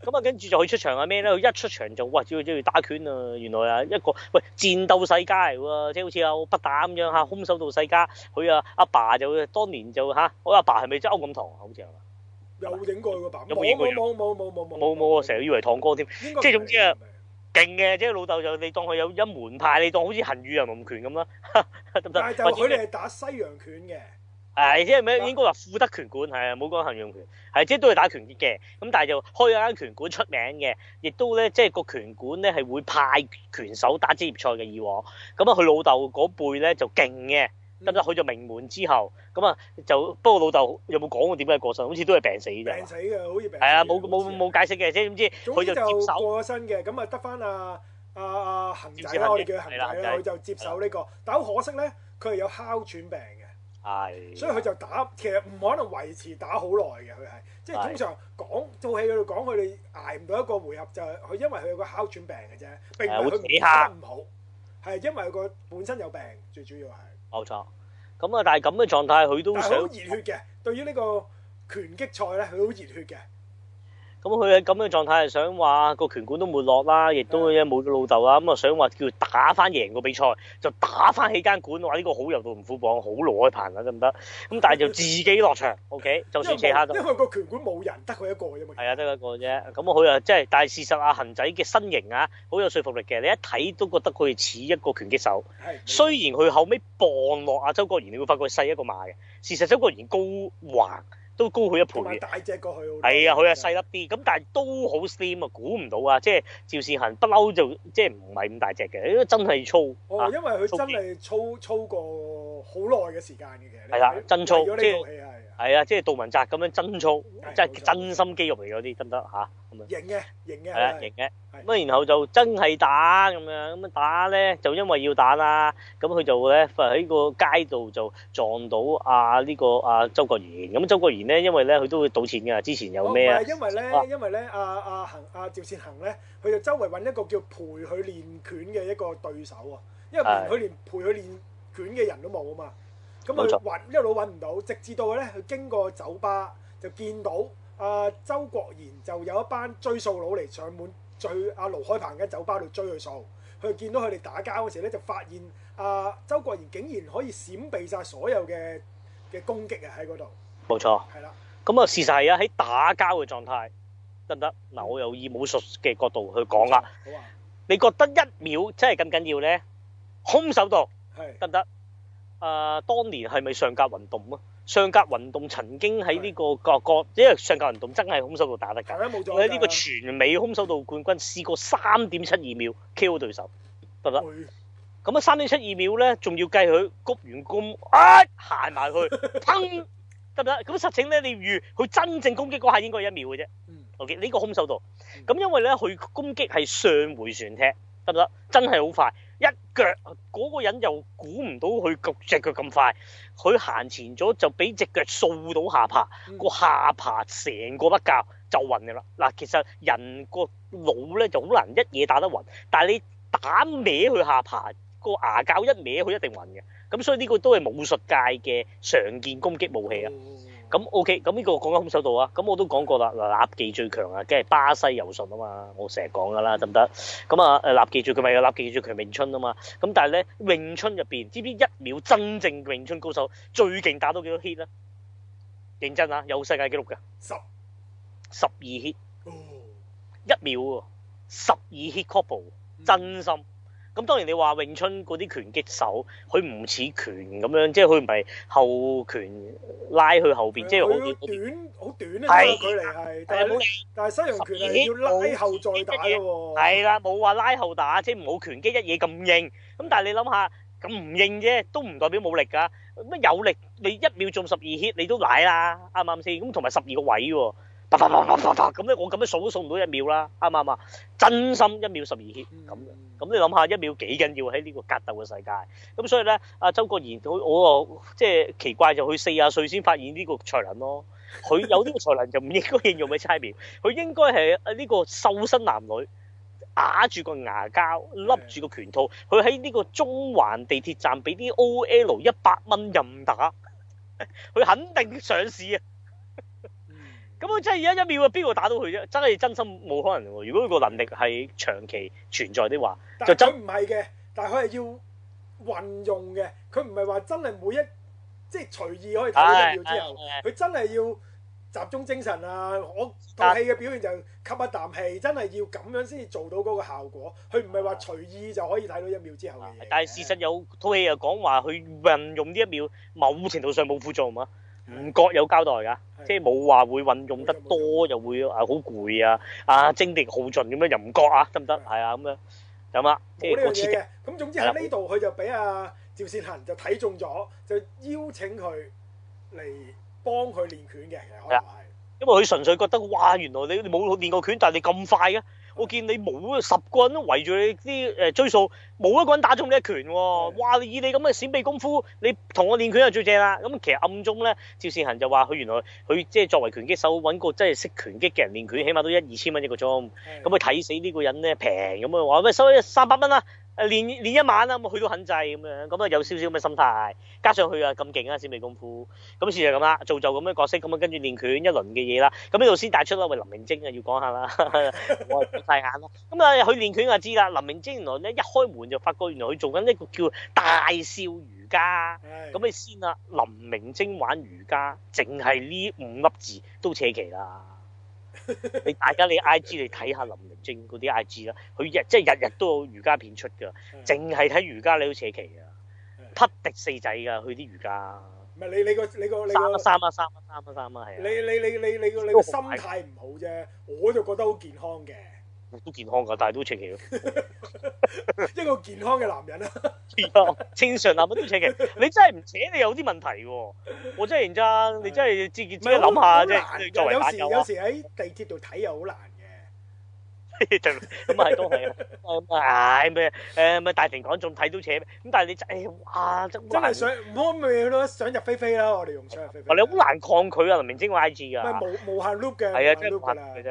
咁啊，跟住就佢出場係咩咧？佢一出場就哇，只要要打拳啊，原來啊一個喂戰鬥世家嚟，即係好似有不打咁樣嚇，空手道世家。佢啊阿爸就當年就吓，我阿爸係咪真係歐錦棠啊？好似係嘛？有冇影過個版？冇冇冇冇冇冇冇冇冇，成日以為堂哥添，即係總之啊。勁嘅，即係老豆就你當佢有一門派，你當好似恒宇人龍拳咁啦。呵呵得唔得，但係就佢哋係打西洋拳嘅，係即係咩？啊、應該話富德拳館係啊，冇講恒宇拳，係即係都係打拳擊嘅。咁但係就開咗間拳館出名嘅，亦都咧即係個拳館咧係會派拳手打職業賽嘅以往。咁啊，佢老豆嗰輩咧就勁嘅。咁咗佢就名門之後咁啊，就不過老豆有冇講過點解過身？好似都係病死嘅。病死嘅，好似病，係啊，冇冇冇解釋嘅，即係點知佢就過咗身嘅。咁啊，得翻阿阿阿恒仔咯，你叫恒仔啦，佢就接手呢個，但好可惜咧，佢係有哮喘病嘅，係所以佢就打其實唔可能維持打好耐嘅。佢係即係通常講做戲佢度講，佢哋捱唔到一個回合就係佢，因為佢有個哮喘病嘅啫，並唔係佢本身唔好，係因為佢個本身有病最主要係。冇錯，咁啊，但係咁嘅狀態佢都想。係好熱血嘅，對於呢個拳擊賽咧，佢好熱血嘅。咁佢喺咁嘅狀態，係想話個拳館都沒落啦，亦都冇老豆啦。咁啊的，想話叫打翻贏個比賽，就打翻起間館。哇！呢、這個好柔道龍虎榜，好耐一棚啊，得唔得？咁但係就自己落場的，OK。就算其咁因為，因為個拳館冇人得佢一個啫嘛。係啊，得一個啫。咁啊，佢啊，即係，但係事實阿恒仔嘅身形啊，好有說服力嘅。你一睇都覺得佢似一個拳擊手。係的。雖然佢後尾傍落阿周國賢，你會發覺細一個碼嘅。事實周國賢高橫。都高佢一倍嘅，大隻過去。係啊，佢啊，細粒啲，咁、嗯、但係都好 Slim、哦、啊，估唔到啊！即係趙善恒不嬲就即係唔係咁大隻嘅，真係粗。因為佢真係粗粗過好耐嘅時間嘅其實。係啦，真粗。係啊，即係杜汶澤咁樣增粗，即係對真，真心肌肉嚟嗰啲得唔得吓？咁啊，型嘅，型嘅，係啊，型嘅。咁然後就真係打咁樣，咁啊打咧就因為要打啦。咁佢就咧喺個街度就撞到阿、啊、呢、呢個阿、啊、周國賢。咁周國賢咧，因為咧佢都會賭錢㗎，之前有咩啊？因為咧，因為咧，阿、啊、阿恒阿、啊、趙善恒咧，佢就周圍揾一個叫陪佢練拳嘅一個對手啊。因為佢連陪佢練拳嘅人都冇啊嘛。咁佢揾一路揾唔到，直至到咧佢經過酒吧，就見到阿周國賢，就有一班追數佬嚟上門追阿盧海鵬嘅酒吧度追佢數。佢見到佢哋打交嘅時候咧，就發現阿周國賢竟然可以閃避晒所有嘅嘅攻擊啊！喺嗰度。冇錯，係啦。咁啊，事實係啊，喺打交嘅狀態得唔得？嗱，我由以武術嘅角度去講啦。好啊。你覺得一秒真係咁緊要咧？空手道係得唔得？誒、呃，當年係咪上格運動啊？上格運動曾經喺呢個角角，的因為上格運動真係空手道打得㗎。係冇錯。喺呢個全美空手道冠軍試過三點七二秒 KO 對手，得唔得？咁的啊，三點七二秒咧，仲要計佢谷完功，哎，行埋去，砰，得唔得？咁實情咧，你預佢真正攻擊嗰下應該係一秒嘅啫。嗯、OK，呢個空手道，咁、嗯、因為咧佢攻擊係上回旋踢。得唔得？真係好快，一腳嗰個人又估唔到佢腳隻腳咁快，佢行前咗就俾隻腳掃到下巴，個下巴成個甩骹就暈㗎啦。嗱，其實人個腦咧就好難一嘢打得暈，但係你打歪佢下巴個牙骹一歪佢一定暈嘅，咁所以呢個都係武術界嘅常見攻擊武器啊。咁 OK，咁呢個講緊空手道啊，咁我都講過啦，嗱，立技最強啊，即係巴西柔術啊嘛，我成日講噶啦，得唔得？咁啊，誒立技最，佢咪有立技最強詠春啊嘛，咁但係咧詠春入邊，知唔知一秒真正詠春高手最勁打到幾多 hit 咧？認真啊，有世界紀錄嘅，十十二 hit，一秒，十二 hit combo，真心。咁當然你話詠春嗰啲拳擊手，佢唔似拳咁樣，即係佢唔係後拳拉去後面邊，即係好短好短啊的距離係，的但係是冇力，但係西洋拳係要拉後再打咯係啦，冇話下拉後打，即係冇拳擊一嘢咁硬。咁但係你諗下，咁唔硬啫，都唔代表冇力㗎。乜有力？你一秒中十二 hit，你都奶啦，啱唔啱先？咁同埋十二個位喎。咁咧，我咁樣數都數唔到一秒啦，啱唔啱啊？真心一秒十二血。咁，咁你諗下一秒幾緊要喺呢個格鬥嘅世界？咁所以咧，阿周國賢我啊，即係奇怪就去四啊歲先發現呢個才能咯。佢有呢個才能就唔應該應用喺猜秒，佢應該係呢個瘦身男女咬住個牙膠，笠住個拳套，佢喺呢個中環地鐵站俾啲 OL 一百蚊任打，佢肯定上市啊！咁我真係而家一秒，邊個打到佢啫？真係真心冇可能喎！如果佢個能力係長期存在的話，就真唔係嘅。但係佢係要運用嘅，佢唔係話真係每一即係隨意可以睇到一秒之後。佢、哎哎哎哎、真係要集中精神啊！我套戲嘅表現就吸一啖氣，但真係要咁樣先至做到嗰個效果。佢唔係話隨意就可以睇到一秒之後、哎、但係事實有套戲又講話佢運用呢一秒，某程度上冇輔助嘛。唔覺有交代㗎，即係冇話會運用得多又會啊好攰啊，啊精力耗盡咁樣又唔覺啊，得唔得？係啊咁樣，咁啦冇呢樣嘢嘅，咁總之喺呢度佢就俾阿趙善恒就睇中咗，就邀請佢嚟幫佢練拳嘅，其實可能係因為佢純粹覺得哇，原來你冇練過拳，但係你咁快嘅。我見你冇啊，十個人都圍住你啲誒追數，冇一個人打中你一拳喎、哦。哇！以你咁嘅閃避功夫，你同我練拳就最正啦。咁其實暗中咧，趙善恒就話佢原來佢即係作為拳擊手揾個即係識拳擊嘅人練拳，起碼都一二千蚊一個鐘。咁佢睇死呢個人咧，平咁啊話，喂，收三百蚊啦。誒練練一晚啦，去到咁滯咁樣，咁啊有少少咩心態，加上去啊咁勁啊先美功夫，咁事就咁啦，做就咁嘅角色，咁啊跟住練拳一輪嘅嘢啦，咁呢度先帶出啦，喂，林明禎啊要講下啦，我係閉曬眼咯，咁啊去練拳啊知啦，林明禎原來咧一開門就發覺原來佢做緊一個叫大笑瑜伽，咁你的先啦、啊，林明禎玩瑜伽，淨係呢五粒字都扯旗啦。 你大家你 I G 你睇下林明晶嗰啲 I G 啦，佢日即係日日都有瑜伽片出噶，淨係睇瑜伽你都扯旗啊，匹敵四仔噶佢啲瑜伽，唔係你 你個你個你個三啊三啊三啊三啊三啊係啊，你你你你你個你個心態唔好啫，我就覺得好健康嘅。都健康㗎，但係都扯旗嘅。 一個健康嘅男人啊，正 常男人都扯旗嘅。 你真係唔扯，你有啲問題喎。我真係認真， 你真係自己自己諗 下啫。即係作為朋友，有時有時喺地鐵度睇又好難。 咁 係，啊哎哎哎哎哎，都係，誒咪誒咪大庭廣眾睇到扯咩？咁但係你真哇！真真係想唔好咪想入非非啦！我哋用想入非非。哇！你好難抗拒啊，明星 I G 啊。咪無無限 l o o p 嘅，係啊，真係無限 l o o p 啦，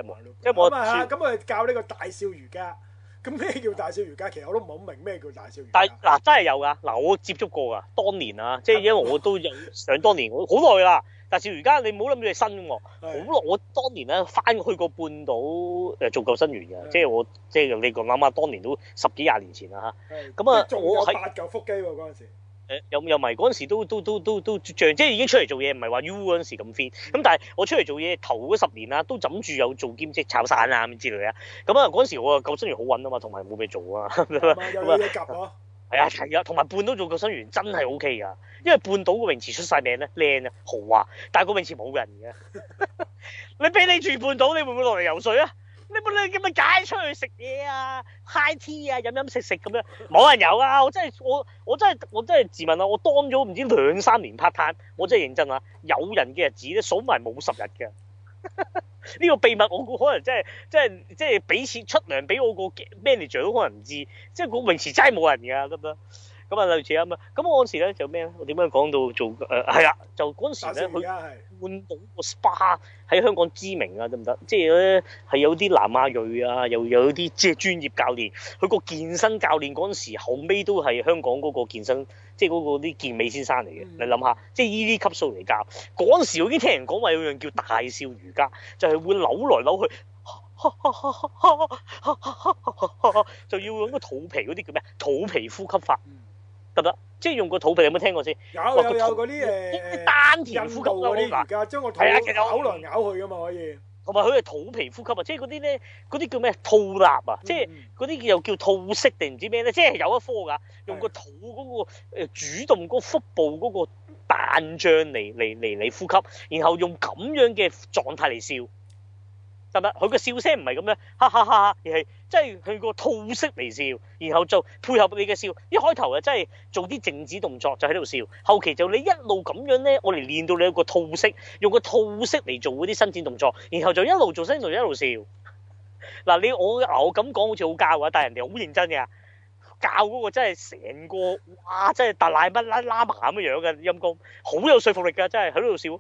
真，咁啊我教呢個大笑瑜伽。咁咩叫大笑瑜伽？其實我都唔係好明咩叫大笑瑜伽。但嗱，啊，真係有㗎嗱，我接觸過㗎，當年啊，即係因為我都有想當年，我好耐啦。但係而家你唔好諗住係新㗎喎、哦，好耐、啊！我當年咧翻去過半島誒做救生員嘅、啊，即係我即係你講啱啊！當年都十幾廿年前啦嚇，咁啊，我係八嚿腹肌喎嗰陣時。誒、嗯、又又咪嗰陣時都都都都都即係已經出嚟做嘢，唔係話 U 嗰陣時咁 fit。咁、嗯、但係我出嚟做嘢頭嗰十年啦，都枕住有做兼職炒散啊咁之類啊。咁啊嗰陣時我啊救生員好揾啊嘛，同埋冇咩做啊。係啊，係啊，同埋半島做救生員真係 OK 㗎，因為半島個泳池出晒名咧，靚啊，豪華，但係個泳池冇人嘅。 你俾你住半島，你會唔會落嚟游水啊？你唔你咁咪解出去食嘢啊，high tea 啊，飲飲食食咁樣，冇人游啊！我真係我我真係我真係自問啊，我當咗唔知兩三年 part time，我真係認真啊，有人嘅日子咧數埋冇十日嘅。呢 個秘密我估可能真係，真係，真係俾錢出糧俾我個 manager 都可能唔知，即係個泳池齋冇人㗎。得唔咁啊，類似啊嘛，咁我嗰陣時咧就咩咧？我點樣講到做誒係、呃、啊？就嗰陣時咧，佢換到個 SPA 喺香港知名啊，得唔得？即係咧係有啲南亞裔啊，又有啲即係專業教練。佢個健身教練嗰陣時，後尾都係香港嗰個健身，即係嗰個啲健美先生嚟嘅。你諗、嗯、下，即係呢啲級數嚟教。嗰陣時我已經聽人講話有樣叫大笑瑜伽，就係、是、會扭來扭去，就要用個肚皮嗰啲叫咩啊？肚皮呼吸法。得唔得？即係用個肚皮有冇聽過先有？有啦，有嗰啲誒，呃、丹田、呼吸級喎，你而家將個肚係啊，咬來咬去噶嘛，可以。同埋佢係肚皮呼吸，啊，嗯、即係嗰啲咧，嗰啲叫咩？吐納啊，即係嗰啲又叫吐息定唔知咩咧？即係有一科噶，用個肚嗰個誒，主動嗰個腹部嗰個彈脹嚟嚟嚟嚟呼吸，然後用咁樣嘅狀態嚟笑。佢個笑聲唔係咁樣，哈哈哈哈，而係即係佢個套式嚟笑，然後就配合你嘅笑。一開頭啊，真係做啲靜止動作就喺度笑，後期就你一路咁樣咧，我哋練到你有個套式，用個套式嚟做嗰啲伸展動作，然後就一路做伸展動作一路笑。嗱，你我我咁講好似好教嘅，但係人哋好認真嘅，教嗰個真係成個，哇！真係大奶不啦喇嘛咁嘅樣嘅陰功，好有說服力嘅，真係喺度笑。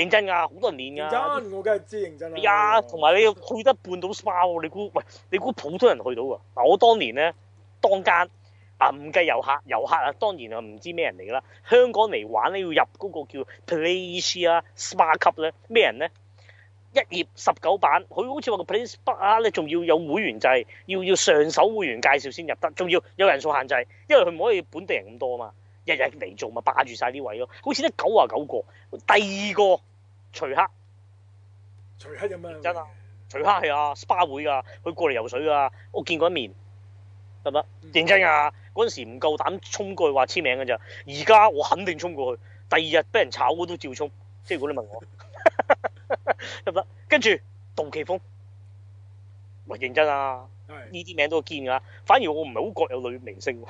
認真噶，好多人練噶。我梗係知認真啦。同埋、啊、你要去得半島 SPA，你估喂？你估普通人去到啊？我當年咧，當間啊唔計遊客，遊客啊當然啊唔知咩人嚟啦。香港嚟玩咧，要入嗰個叫 place 啊 SPA 級咧咩人咧？一頁十九版，佢好似話個 place、er、SPA，咧，仲要有會員制，要要上手會員介紹先入得，仲要有人數限制，因為佢唔可以本地人咁多啊嘛。日日嚟做咪霸住晒啲位咯，好似得九啊九個。第二個。徐克，徐克有咩？認真啊！徐克係阿 Spa 會㗎、啊，佢過嚟游水㗎、啊，我見過一面，得唔得？認真啊！嗰陣、嗯、時唔夠膽衝過去話簽名㗎咋，而家我肯定衝過去。第二日俾人炒都照衝，即係如果你問我，得唔得？跟住杜琪峰，喂，認真啊！呢啲名都堅㗎，反而我唔係好覺有女明星喎。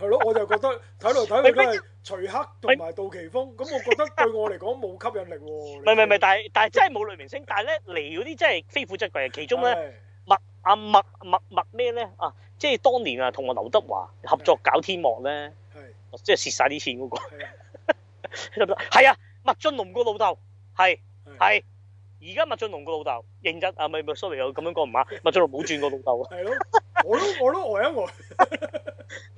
係咯， 我就覺得睇嚟睇去都係徐克同埋杜琪峰。咁 我覺得對我嚟講冇吸引力喎。唔係唔係，但係但係真係冇女明星， 但係咧嚟嗰啲真係非富則貴。其中咧，麥阿麥麥麥咩咧啊，即係當年啊，同我劉德華合作搞天幕咧， 即係蝕晒啲錢嗰個。 係 啊，麥浚龍個老豆。係係。 而家麥浚龍個老豆認真啊，咪咪 sorry，我咁樣講唔啱，麥浚龍冇轉過老豆啊。係咯，我都我都呆一呆。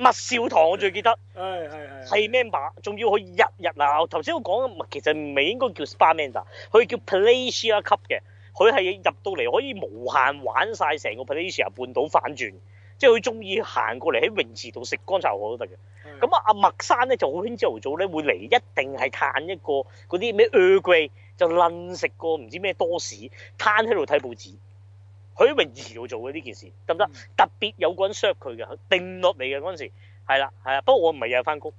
麥紹棠，我最記得，係係係， 係 member，仲要佢日日鬧。頭先我講，嘅，其實唔係應該叫 spa member，e 佢叫 Palacia 級嘅，佢係入到嚟可以無限玩晒成個 Palacia 半島反轉，即係佢中意行過嚟喺泳池度食乾炒牛河都得嘅。咁啊、 嗯，阿麥生咧就好興朝頭早咧會嚟，一定係嘆一個嗰啲咩就愣食過唔知咩多士，攤喺度睇報紙。佢喺以前度做嘅呢件事，得唔得？嗯、特別有個人削佢嘅，定落嚟嘅嗰陣時，係啦，係啦。不過我唔係日日返工，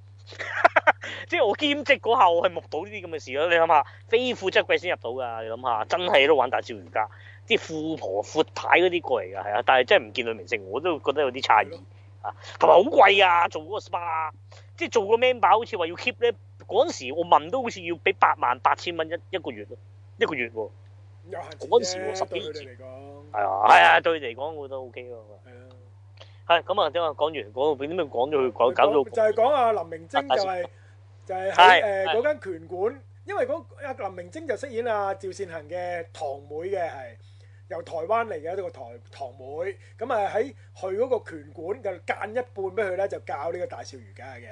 即係我兼職嗰下，我係目睹呢啲咁嘅事咯。你諗下，非富則貴先入到㗎。你諗下，真係都玩大笑瑜伽，啲富婆闊太嗰啲過嚟㗎，係啊。但係真係唔見女明星，我都覺得有啲差異啊。係咪好貴啊，做嗰個 SPA，即係做個 member，好似話要 keep 咧。嗰陣時我問都好似要俾八萬八千蚊一一個月咯，一個月喎。嗰陣時喎，十幾年前嚟講，係啊係啊，對你嚟講我覺得 OK 咯。係啊，係咁、OK、啊，啲我講完講到邊啲咩講到去講講到就係講啊，林明禎就係、是、是就係喺誒嗰間拳館，因為嗰阿林明禎就飾演阿趙善恆嘅堂妹嘅，係。由台灣嚟嘅呢個台堂妹，咁誒喺佢嗰個拳館就間一半俾佢咧，就教呢個大少瑜伽嘅。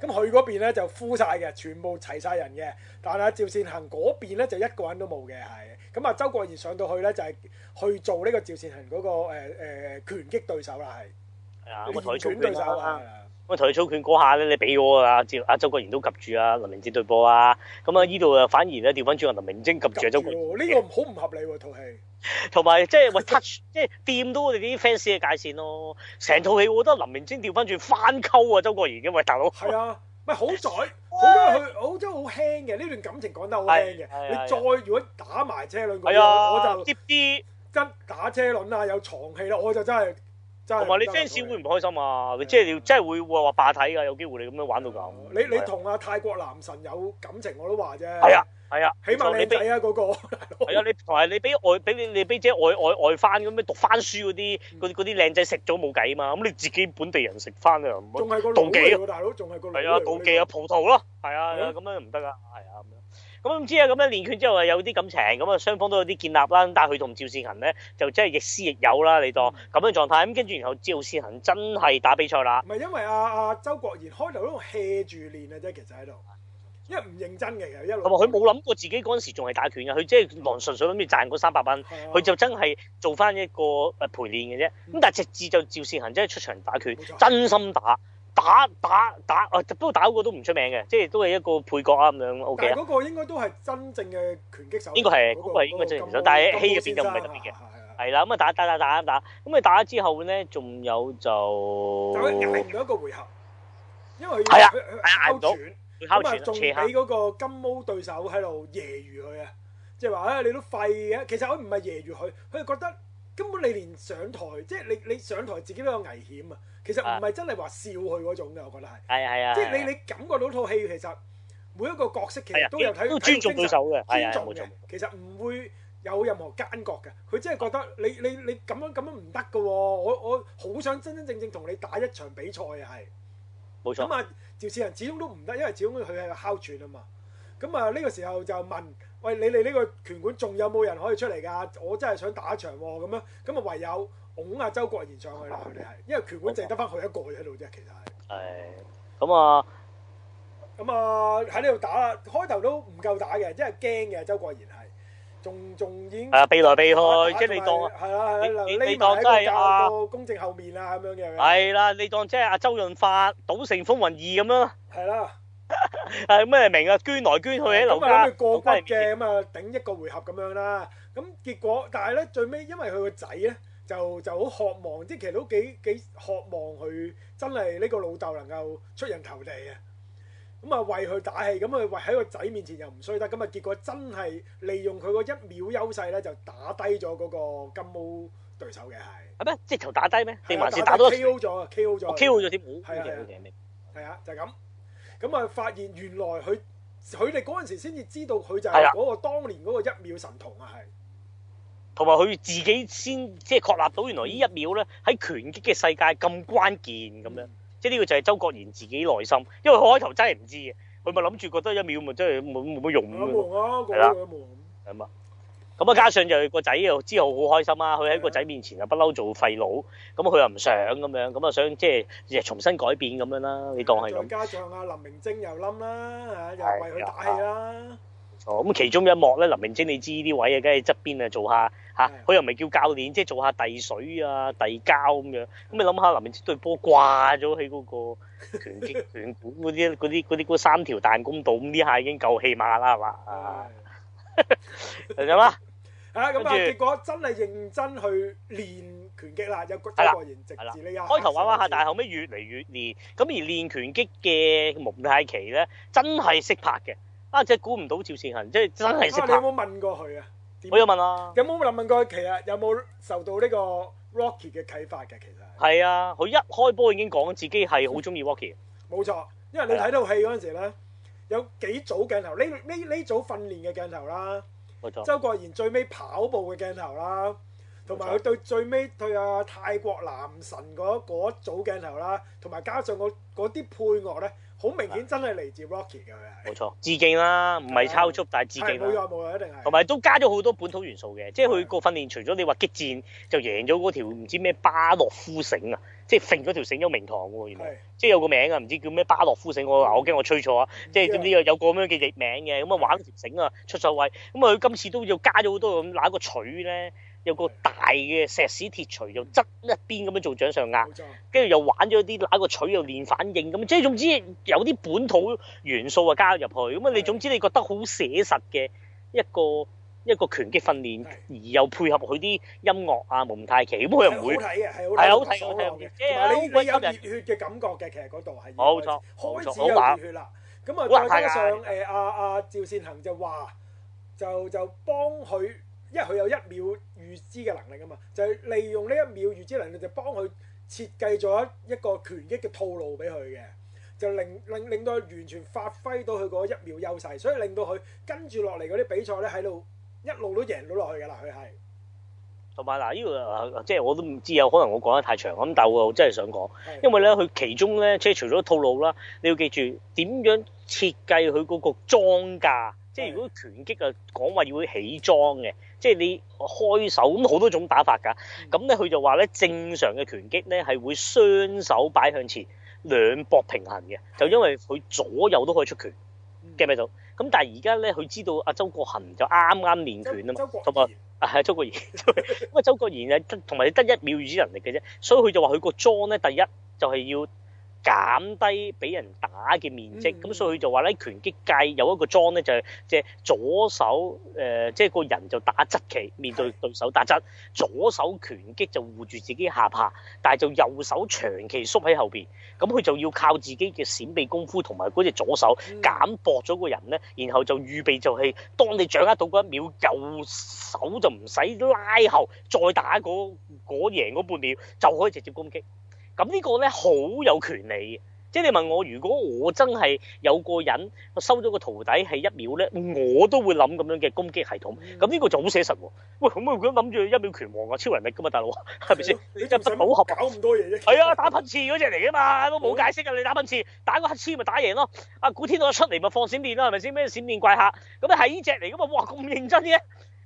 咁佢嗰邊咧就呼晒嘅，全部齊晒人嘅。但係趙善恒嗰邊咧就一個人都冇嘅，係。咁啊，周國賢上到去咧就係去做呢個趙善恒嗰、嗰個誒、呃、拳擊對手啦，係。啊的，個台中拳對手啊！的同台操拳嗰下咧，你俾我啊！周阿周國賢都及住啊，林明哲對波啊。咁啊，依度啊，反而咧調翻轉林明哲及住啊，周國賢。呢度好唔合理喎，套戲。同埋即係喂 touch，即係掂到我哋啲 fans 嘅界線咯。成套戲我覺得林明哲調翻轉翻溝啊，周國賢嘅喂大佬。係啊，唔係好在，好在佢好即好輕嘅。呢段感情講得好輕嘅，你再如果打埋車輪，我就啲跟打車輪啊，有床戲啦，我就真係。同埋你 fans 會唔開心啊？即係你真係會話霸體㗎，有機會你咁樣玩到咁。你你同阿泰國男神有感情我都話啫。係啊係啊，起碼你俾啊嗰個。係啊，你同埋你俾外俾你你俾即係外外外翻咁樣讀翻書嗰啲嗰嗰啲靚仔食咗冇計啊嘛！咁你自己本地人食翻啊，仲係個妒忌啊，大佬仲係個妒忌啊，葡萄咯，係啊咁樣唔得㗎，係啊咁樣。咁唔知啊，咁樣練拳之後啊，有啲感情，咁啊雙方都有啲建立啦。但係佢同趙善恆咧，就真係亦師亦友啦。你當咁樣狀態，咁跟住然後趙善恆真係打比賽啦。唔係因為阿、啊、阿周國賢開頭喺度 hea 住練啊啫，其實喺度，因為唔認真嘅，因為佢冇諗過自己嗰陣時仲係打拳嘅，佢即係王純粹諗住賺嗰三百蚊，佢、嗯、就真係做翻一個陪練嘅啫。咁、嗯、但係直至就趙善恆真係出場打拳，沒錯 真心打。打打打，哦，不過打嗰個都唔出名嘅，即係都係一個配角啊咁樣，O K 嗰個應該都係真正嘅拳擊手。應該係，嗰個係應該真選手，但係戲入邊就唔係特別嘅。係啦，咁啊打打打打打，咁佢打咗之後咧，仲有就又係另一個回合，因為佢佢佢抽拳，咁啊仲俾嗰個金毛對手喺度揶揄佢啊，即係話唉你都廢嘅，其實我唔係揶揄佢，佢覺得。根本你連上台，即係你你上台自己都有危險啊！其實唔係真係話笑佢嗰種嘅，我覺得係。係啊、哎、呀即係你你感覺到套戲其實每一個角色其實都有睇到、哎、呀看尊重對手嘅，尊重、哎、其實唔會有任何奸角嘅，佢真係覺得你你你咁樣咁樣唔得嘅喎！我我好想真真正正同你打一場比賽。係。冇錯。咁啊，趙志仁始終都唔得，因為始終佢係哮喘啊嘛。咁啊呢個時候就問：喂，你哋呢個拳館仲有冇人可以出嚟㗎？我真係想打場喎，咁樣咁，啊唯有拱阿周國賢上去啦，佢哋係，因為拳館淨係得返佢一個喺度啫，其實係。係。咁啊，咁啊喺呢度打，開頭都唔夠打嘅，因為驚嘅周國賢係，仲仲已經。誒避來避去，即係你當。係啦係啦，嗱匿埋喺個公正後面啊咁樣嘅。係啦，你當即係阿周潤發《賭城風雲二》咁樣咯。係啦。係咩明啊？捐來捐去，留翻佢過骨嘅。咁啊，頂一個回合咁樣啦。咁結果，但係咧最尾，因為佢個仔咧就就好渴望，即係其實都幾幾渴望佢真係呢個老豆能夠出人頭地啊。咁啊，為佢打氣，咁啊為喺個仔面前又唔衰得，咁啊結果真係利用佢個一秒優勢咧，就打低咗嗰個金毛對手嘅。係。啊咩？即係頭打低咩？定還是打多？K O 咗啊！K O 咗，我 Q 咗添。係啊，就係咁。咁啊！發現原來佢佢哋嗰陣時先至知道佢就係嗰個當年嗰個一秒神童啊的，係。同埋佢自己先即係確立到原來呢一秒咧喺拳擊嘅世界咁關鍵，咁樣，嗯、即係呢個就係周國賢自己內心，因為佢開頭真係唔知嘅，佢咪諗住覺得一秒咪即係冇冇乜用。冇用啊，講句的咁啊，加上就個仔又之後好開心啊！佢喺個仔面前又不嬲做廢佬，咁佢又唔想咁樣，咁啊想即係重新改變咁樣啦。你當係咁。再加上啊，林明禎又冧啦，又為佢打氣啦。哦，咁、啊、其中一幕咧，林明禎你知啲位啊，梗係側邊啊做下嚇，佢又唔係叫教練，即係做下遞水啊、遞膠咁樣。咁你諗下，林明禎對波掛咗喺嗰個拳擊拳館嗰啲嗰啲嗰啲三條彈弓度，咁呢下已經夠氣馬啦，係嘛的？啊，有啦。啊咁啊！結果真係認真去練拳擊啦，有個有個型，直至你開頭玩玩下，但係後尾越嚟越練。咁而練拳擊嘅蒙太奇咧，真係識拍嘅。啊，即係估唔到趙善恒，即係真係識拍。有冇問過佢啊？我有問啊。有冇問問過佢其實有冇受到呢個 Rocky 嘅啟發嘅？其實係啊，佢一開波已經講自己係好中意 Rocky。冇錯，因為你睇到戲嗰陣時咧，有幾組鏡頭呢？呢呢組訓練嘅鏡頭啦。周國賢最尾跑步嘅鏡頭啦，同埋佢對最尾對啊泰國男神嗰嗰組鏡頭啦，同埋加上嗰啲配樂呢。好明顯真係嚟自 Rocky 㗎，冇 錯，致敬啦，唔係抄速，啊、但係致敬冇錯冇錯，一定係。同埋都加咗好多本土元素嘅， 即係佢個訓練除咗你話激戰就贏咗嗰條唔知咩巴洛夫繩啊，即係揈咗條繩有名堂喎， 原來。 即係有個名啊，唔知叫咩巴洛夫繩，我我驚我吹錯啊！即係點知有個咁樣嘅名嘅，咁啊玩條繩啊出首位，咁啊佢今次都要加咗好多咁揦個錘咧。有個大嘅石屎鐵錘，就側一邊咁樣做掌上壓，跟住 又玩咗啲拉個錘又練反應咁，即係總之有啲本土元素啊加入去咁啊。你總之你覺得好寫實嘅一個一個拳擊訓練，而又配合佢啲音樂啊蒙太奇，咁佢又唔會好睇嘅，好睇，係好睇，嘅啊，你會有熱血嘅感覺嘅，其實嗰度係冇錯，開始有熱血啦。咁啊，加上誒阿阿趙善恒就話就就幫佢，因為佢有一秒。預知嘅能力啊嘛，就係、是、利用呢一秒預知能力，就幫佢設計咗一個拳擊嘅套路俾佢嘅，就令令令到佢完全發揮到佢嗰一秒優勢，所以令到佢跟住落嚟嗰啲比賽咧喺度一路都贏到落去㗎喇，佢係。同埋嗱，呢、啊、個即係我都唔知有可能我講得太長啊，但係我真係想講，因為咧佢其中咧，即係除咗套路啦，你要記住點樣設計佢嗰個莊架。即係如果拳擊啊講話要會起裝嘅，即係你開手咁好多種打法㗎。咁咧佢就話咧正常嘅拳擊咧係會雙手擺向前，兩膊平衡嘅，就因為佢左右都可以出拳，記唔記到？咁但係而家咧佢知道阿周國賢就啱啱練拳啊嘛，同埋啊周國賢，因為、啊、周國賢咧同埋你得一秒預知能力嘅啫，所以佢就話佢個裝咧第一就係要。減低俾人打嘅面積，咁、mm hmm. 所以就話咧拳擊界有一個裝咧、呃，就係隻左手誒，即係個人就打側旗面對對手打側，左手拳擊就護住自己下巴，但係就右手長期縮喺後邊，咁佢就要靠自己嘅閃避功夫同埋嗰隻左手減薄咗個人咧，mm hmm. 然後就預備就係當你掌握到嗰一秒，右手就唔使拉後再打嗰嗰贏嗰半秒就可以直接攻擊。咁呢個咧好有權利嘅，即係你問我，如果我真係有個人，我收咗個徒弟係一秒咧，我都會諗咁樣嘅攻擊系統。咁呢、嗯、個就好寫實喎。喂，咁唔可以咁諗住一秒拳王啊？超能力噶嘛，大佬，係咪先？是是你入得組合啊？搞咁多嘢啫、啊。係啊，打噴嚏嗰隻嚟嘅嘛，都冇解釋嘅。你打噴嚏，打個乞嗤咪打贏咯。啊，古天樂出嚟咪放閃電咯，係咪先？咩閃電怪客？咁你係呢隻嚟嘅嘛。哇，咁認真嘅？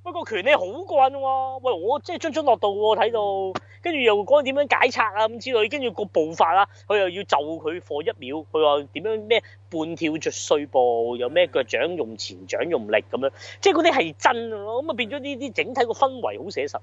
不過權力好棍喎！喂，我即係津津樂道喎，睇到跟住又講點樣解拆啊咁之類，跟住個步法啊，佢又要就佢破一秒，佢話點樣咩半跳着碎步，又咩腳掌用前掌用力咁樣，即係嗰啲係真咯、啊，咁啊變咗呢啲整體個氛圍好寫實。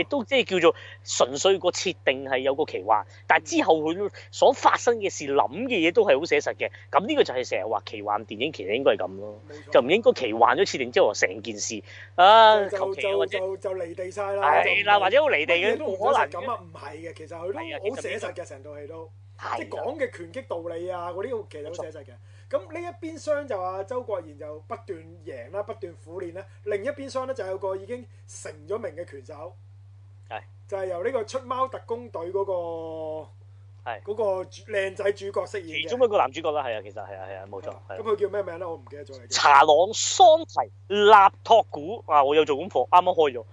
亦都即係叫做純粹個設定係有個奇幻，但係之後佢所發生嘅事、諗嘅嘢都係好寫實嘅。咁呢個就係成日話奇幻電影其實應該係咁咯，錯就唔應該奇幻咗設定之後成件事啊求其就離地晒啦，係啦就，哎、呀或者好離地嘅。都可能咁啊，唔係嘅，其實佢都好寫實嘅，成套戲都的即係講嘅拳擊道理啊，我呢套其實好寫實嘅。咁呢一邊廂就話周國賢就不斷贏啦，不斷苦練啦。另一邊廂咧就有個已經成咗名嘅拳手。就係由呢個出貓特工隊嗰、嗰個係嗰係個靚仔主角飾演其中一個男主角啦，係啊，其實係啊，係啊，冇錯。咁佢叫咩名咧？我唔記得咗。查朗桑提納托古啊！我有做功課，啱啱開咗。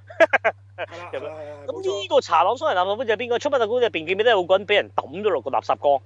咁呢個查朗桑提納托古就係邊個？出貓特工隊入邊記唔記得有個人俾人抌咗落個垃圾缸？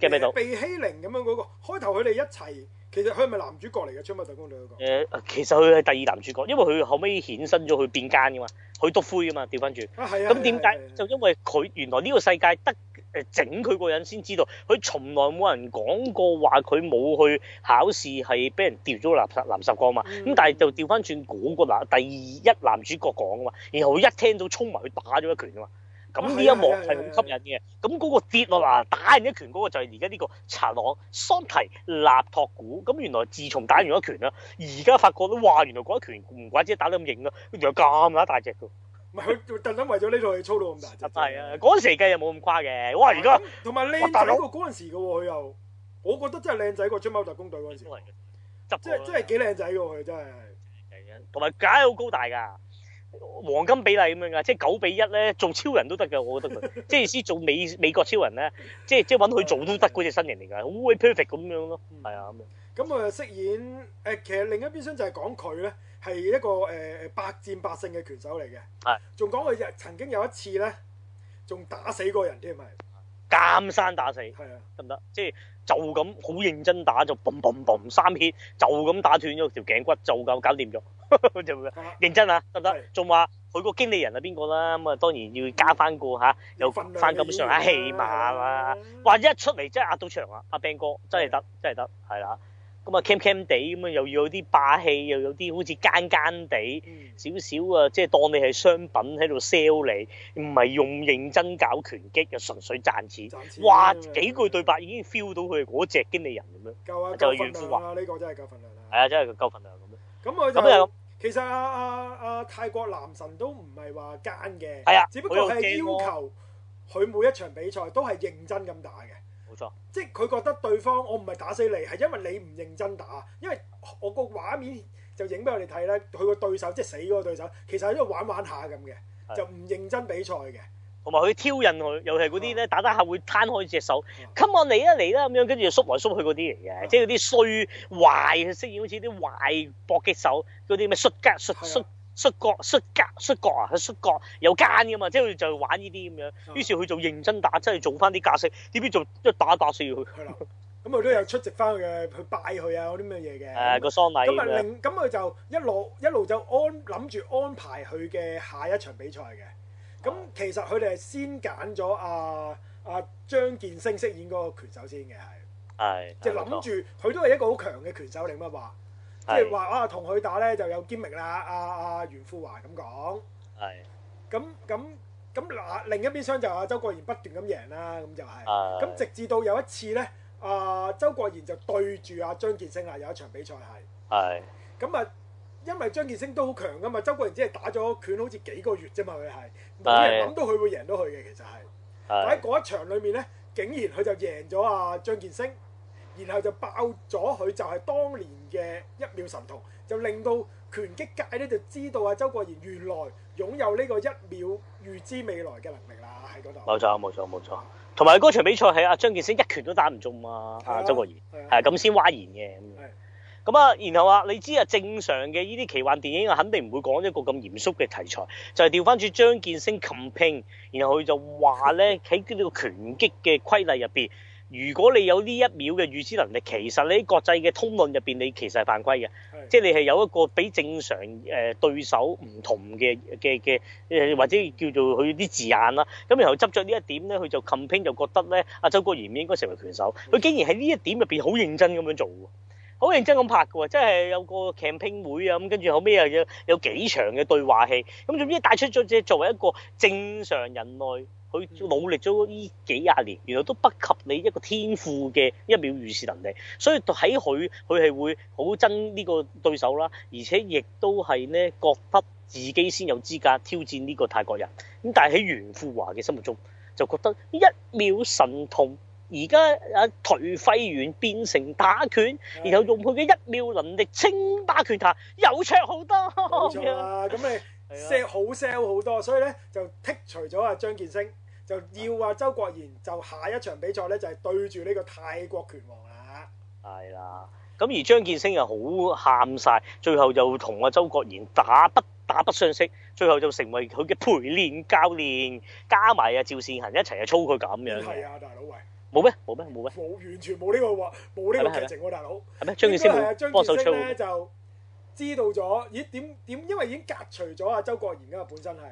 記唔記得？被欺凌咁樣嗰個，開頭佢哋一齊。其實佢係咪男主角嚟嘅《出沒特工隊》嗰個、呃？其實佢係第二男主角，因為佢後尾顯身咗，佢變奸噶嘛，佢篤灰噶嘛，調翻轉。啊，係啊！咁點解？啊啊啊啊、就因為佢原來呢個世界得誒整佢個人先知道，佢從來冇人講過話佢冇去考試係俾人掉咗垃垃圾個嘛。咁但係就調翻轉嗰個男第二一男主角講噶嘛，然後佢一聽到衝埋去打咗一拳啊嘛。咁呢、啊、一幕係好吸引嘅，咁嗰個跌落嗱、嗯、打人一拳嗰個就係而家呢個查朗桑提納托古，咁原來自從打完一拳啦，而家發覺都哇原來嗰一拳唔怪之打到咁勁咯，原來咁乸大，大隻噶。唔係佢特登為咗呢套戲操到咁大隻。係、嗯、啊，嗰陣時計又冇咁誇嘅，哇而家。同埋靚仔過嗰陣時噶喎，佢又，我覺得真係靚仔過《超級特工隊》嗰陣時。係。係、就是、真係幾靚仔噶佢真係。同埋解好高大㗎。黃金比例咁樣噶，即係九比一咧，做超人都得噶，我覺得佢， 即係意思做美美國超人咧，即係即係搵佢做都得嗰隻身形嚟噶，好 perfect 咁樣咯，係啊咁樣。咁啊，飾、嗯嗯、演誒、呃，其實另一邊廂就係講佢咧，係一個誒、呃、百戰百勝嘅拳手嚟嘅，係，仲講佢曾經有一次咧，仲打死過人添咪，監生打死，係啊，得唔得？即係就咁好認真打就嘣嘣嘣三血，就咁打斷咗條頸骨就咁搞掂咗。認真啊，得唔得？仲話佢個經理人係邊個啦？咁啊，當然要加翻個吓，又翻咁上下戲碼啦。哇！一出嚟真係壓到場啊，阿 Ben 哥真係得，真係得，係啦。咁啊，cam cam 地咁啊，又要有啲霸氣，又有啲好似奸奸地，少少啊，即係當你係商品喺度 sell 你，唔係用認真搞拳擊，又純粹賺錢。哇！幾句對白已經 feel 到佢嗰隻經理人咁樣。夠啊！就係炫富話啦，呢個真係夠份量啊。係啊，真係夠份量咁樣。咁咁又。其實啊啊啊，泰國男神都唔係話奸嘅，係啊，只不過係要求佢每一場比賽都係認真咁打嘅。冇錯，即係佢覺得對方我唔係打死你，係因為你唔認真打，因為我個畫面就影俾我哋睇咧，佢個對手即係死嗰個對手，其實喺度玩玩玩下咁嘅，係啊，就唔認真比賽嘅。同埋佢挑釁，佢尤其係嗰啲咧打打下會攤開隻手、啊、come on 嚟啦嚟啦咁樣，跟住縮來縮去嗰啲嚟嘅，啊、即係嗰啲衰壞嘅飾演，好似啲壞搏擊手，嗰啲咩摔摔摔摔角摔摔角啊，摔角有奸嘅嘛，即係就玩呢啲咁樣。於是佢就認真打，即係做翻啲格式，偏偏做一打打死佢。咁佢、啊、 都有出席翻去嘅，去拜佢啊嗰啲咩嘢嘅。誒個喪禮咁啊，咁佢就一路一路就安諗住安，安排佢嘅下一場比賽嘅。咁其實佢哋係先揀咗阿阿張建聲飾演嗰個拳手先嘅，係，係、哎，即係諗住佢都係一個好強嘅拳手你乜話，即係話啊同佢打咧就有兼力啦，阿、啊、阿、啊、袁富華咁講，係、哎，咁咁咁嗱另一邊廂就阿周國賢不斷咁贏啦，咁就係、是，咁、哎、直至到有一次咧，阿、啊、周國賢就對住阿、啊、張建聲啊有一場比賽係，係，咁啊、哎。因為張建升都好強噶嘛，周國賢只係打咗拳好似幾個月啫嘛，佢係冇人諗到佢會贏到佢嘅其實係。但喺嗰的一場裏面咧，竟然佢就贏咗阿、啊、張建升，然後就爆咗佢就係當年嘅一秒神童，就令到拳擊界咧就知道阿、啊、周國賢原來擁有呢個一秒預知未來嘅能力啦喺嗰度。冇錯冇錯冇錯，同埋嗰場比賽係阿、啊、張建升一拳都打唔中啊，阿的周國賢係咁先嘩然嘅。咁啊，然後啊，你知啊，正常嘅呢啲奇幻電影啊，肯定唔會講一個咁嚴肅嘅題材，就係調翻轉張建升 complain，然後佢就話咧喺呢個拳擊嘅規例入邊，如果你有呢一秒嘅預知能力，其實你喺國際嘅通論入邊，你其實係犯規嘅，即係你係有一個比正常誒對手唔同嘅嘅嘅誒或者叫做佢啲字眼啦。咁然後執著呢一點咧，佢就 complain，就覺得咧阿周國賢唔應該成為拳手，佢竟然喺呢一點入邊好認真咁樣做好認真咁拍嘅喎，真係有個 camping 會啊，咁跟住後尾又有有幾場嘅對話戲，咁總之帶出咗即係作為一個正常人類，去努力咗呢幾廿年，原來都不及你一個天賦嘅一秒預視能力，所以喺佢佢係會好憎呢個對手啦，而且亦都係咧覺得自己先有資格挑戰呢個泰國人，咁但係喺袁富華嘅心目中就覺得一秒神童。而家阿頹廢完變成打拳，的然後用佢嘅一秒能力稱霸拳壇，有趣好多。咁咪 s,、啊、S, 你好 sell 的好多，所以咧就剔除咗阿張建升，就要阿周國賢就下一場比賽咧就係對住呢個泰國拳王啊。係啦，咁而張建升又好喊晒，最後又同阿周國賢打不打不相識，最後就成為佢嘅陪練教練，加埋阿趙善恆一齊啊操佢咁樣。係啊，大佬喂。喂冇咩，冇咩，冇咩，冇完全冇呢個喎，冇呢個劇情喎，大佬。係咩？張敬軒冇。張敬軒咧就知道咗，咦？點點？因為已經隔除咗阿周國賢噶嘛，本身係，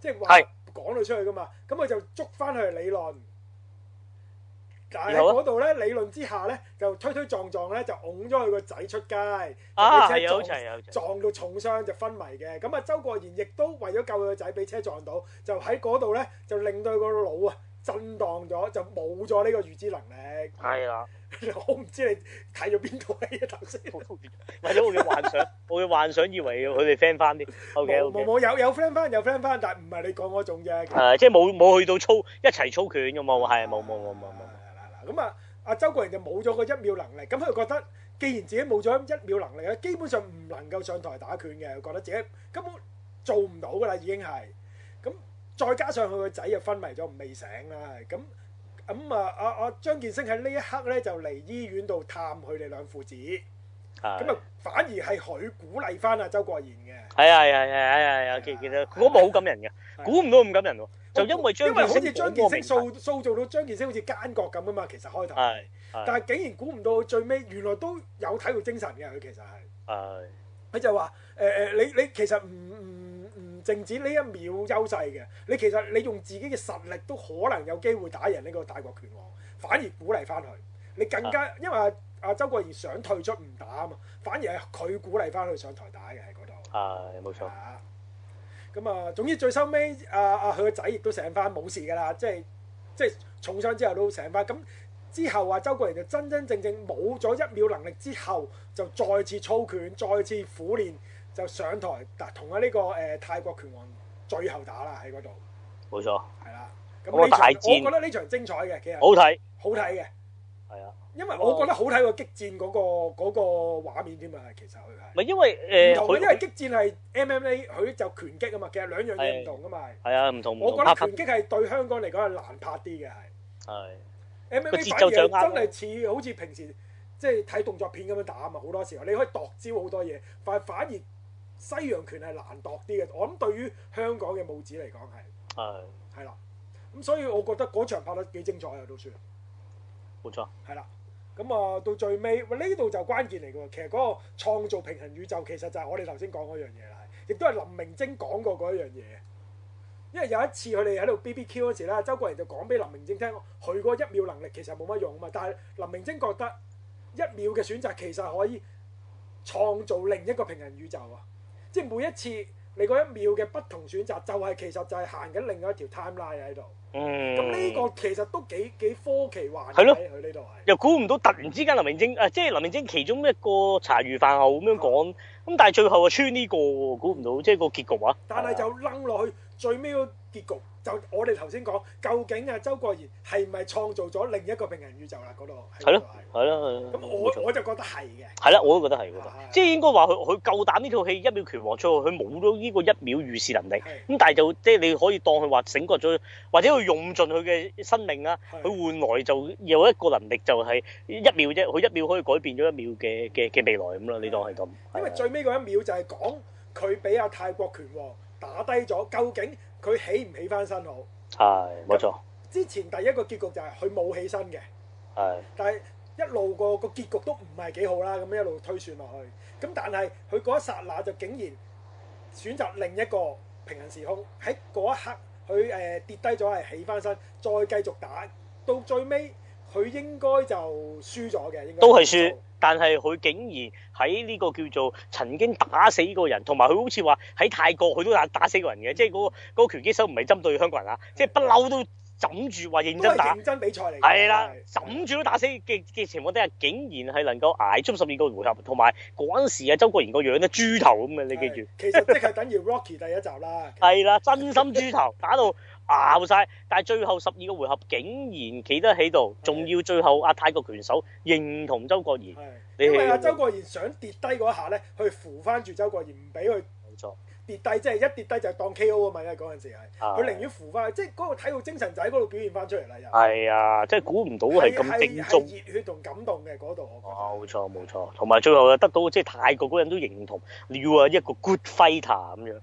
即係話講到出去噶嘛，咁佢就捉翻佢嚟理論。但係喺嗰度咧，理論之下咧，就推推撞撞咧，就擁咗佢個仔出街，俾車撞撞到重傷就昏迷嘅。咁啊，周國賢亦都為咗救佢個仔，俾車撞到，就喺嗰度咧就令到佢個腦啊。震盪咗就冇咗呢個預知能力。係啦的， 我唔知你睇咗邊台頭先。為咗 我嘅幻想，我嘅幻想以為要佢哋 friend 翻啲。O K O K。我有有 f r i e n d 翻有 f r i e n d 翻，但係唔係你講嗰種啫。係、啊、即係冇冇去到操一齊操拳咁。嘛？係啊，冇冇冇冇冇冇。嗱咁啊，阿周國賢就冇咗個一秒能力。咁佢覺得既然自己冇咗一秒能力咧，基本上唔能夠上台打拳嘅，覺得自己根本做唔到㗎啦，已經係。再加上佢個仔又昏迷咗，未醒啦。咁咁啊，阿阿張建升喺呢一刻咧就嚟醫院度探佢哋兩父子。啊！咁啊，反而係佢鼓勵翻阿周國賢嘅。係係係係係啊！其實我冇感人嘅，估唔到咁感人喎。就因為因為好似張建升塑塑造到張建升好似奸角咁啊嘛，其實開頭。係，但係竟然估唔到最尾，原來都有體育精神嘅佢其實係。係。佢就話：誒誒，你你其實唔唔。淨止呢一秒優勢嘅，你其實你用自己嘅實力都可能有機會打贏呢個大國拳王，反而鼓勵翻佢。你更加、啊、因為阿、啊、阿、啊、周國賢想退出唔打啊嘛，反而係佢鼓勵翻佢上台打嘅喺嗰度。啊，冇錯。咁啊，總之最收尾，阿阿佢個仔亦都醒翻冇事㗎啦，即係即係重傷之後都醒翻。咁之後話、啊、周國賢就真真正正冇咗一秒能力之後，就再次操拳，再次苦練，就上台同啊呢個誒、呃、泰國拳王最後打啦喺嗰度，冇錯，係啦。咁我覺得呢場精彩嘅，其實幾好睇，好睇嘅，係啊。因為我覺得好睇過激戰嗰個嗰個畫面添啊，其實佢係唔係因為誒、呃、因為激戰係 MMA 佢就拳擊啊嘛，其實兩樣嘢唔同啊嘛。係啊，唔同。同我覺得拳擊係對香港嚟講係難拍啲嘅，係。係。MMA 反而真係似好似平時即係睇動作片咁樣打啊嘛，好多時候你可以度招好多嘢，但係反而。西洋拳係難度啲嘅，我諗對於香港嘅武者嚟講係，係啦、嗯，咁所以我覺得嗰場拍得幾精彩啊，都算，冇錯，係啦，咁、嗯、啊，到最尾，呢度就關鍵嚟嘅喎，其實嗰個創造平衡宇宙其實就係我哋頭先講嗰樣嘢啦，亦都係林明晶講過嗰一樣嘢，因為有一次佢哋喺度 BBQ 嗰時咧，周國賢就講俾林明晶聽，佢嗰一秒能力其實冇乜用啊嘛，但係林明晶覺得一秒嘅選擇其實可以創造另一個平衡宇宙啊。即係每一次你嗰一秒嘅不同選擇，就係、是、其實就係行緊另外一條 timeline 喺度。嗯，咁呢個其實都幾幾科奇化嘅。係咯的，去呢度又估唔到，突然之間林明晶，啊、呃，即係林明晶其中一個茶餘飯後咁樣講，咁、嗯、但係最後啊穿呢、這個，估唔到即係個結局啊！但係就掕落去的最尾個結局就我哋頭先講，究竟阿周國賢係咪創造咗另一個平行宇宙啦？嗰度係咯，係咯，咁我我就覺得係嘅。係啦，我都覺得係，即係應該話佢佢夠膽呢套戲一秒拳王出佢冇咗呢個一秒預視能力。咁但係就即係你可以當佢話醒覺咗，或者佢用盡佢嘅生命啊，佢換來就有一個能力就係一秒啫，佢一秒可以改變咗一秒嘅嘅嘅未來咁啦。你當係咁。因為最尾嗰一秒就係講佢俾阿泰國拳王打低咗，究竟？佢起唔起翻身好，係冇、哎、錯。之前第一個結局就係佢冇起身嘅，係、哎。但係一路嗰個結局都唔係幾好啦，咁一路推算落去。咁但係佢嗰一剎那就竟然選擇另一個平行時空，喺嗰一刻佢誒、呃、跌低咗，係起翻身，再繼續打到最尾，佢應該就輸咗嘅，應該都係輸。但係佢竟然喺呢個叫做曾經打死過人，同埋佢好似話喺泰國佢都打，打死過人嘅，即係嗰個嗰個拳擊手唔係針對香港人啊，即係不嬲都。枕住話認真打，認真比賽嚟，係啦，枕住都打死嘅嘅情況底下，竟然係能夠挨足十二個回合，同埋嗰陣時啊，周國賢個樣咧豬頭咁嘅，你記住。其實即係等於 Rocky 第一集啦。係啦，真心豬頭，打到咬晒，但係最後十二個回合竟然企得喺度，仲要最後阿泰國拳手認同周國賢。咁咪阿周國賢想跌低嗰一下咧，去扶翻住周國賢，唔俾佢。冇錯。跌低即係一跌低就當 KO 啊嘛！嗰陣時係，佢寧願扶翻，即係嗰個體育精神就喺嗰度表現翻出嚟啦。係啊，即係估唔到係咁正宗，熱血同感動嘅嗰度。我講，冇錯冇錯，同埋最後得到即係泰國嗰人都認同，你要啊一個 good fighter 咁樣。咁、嗯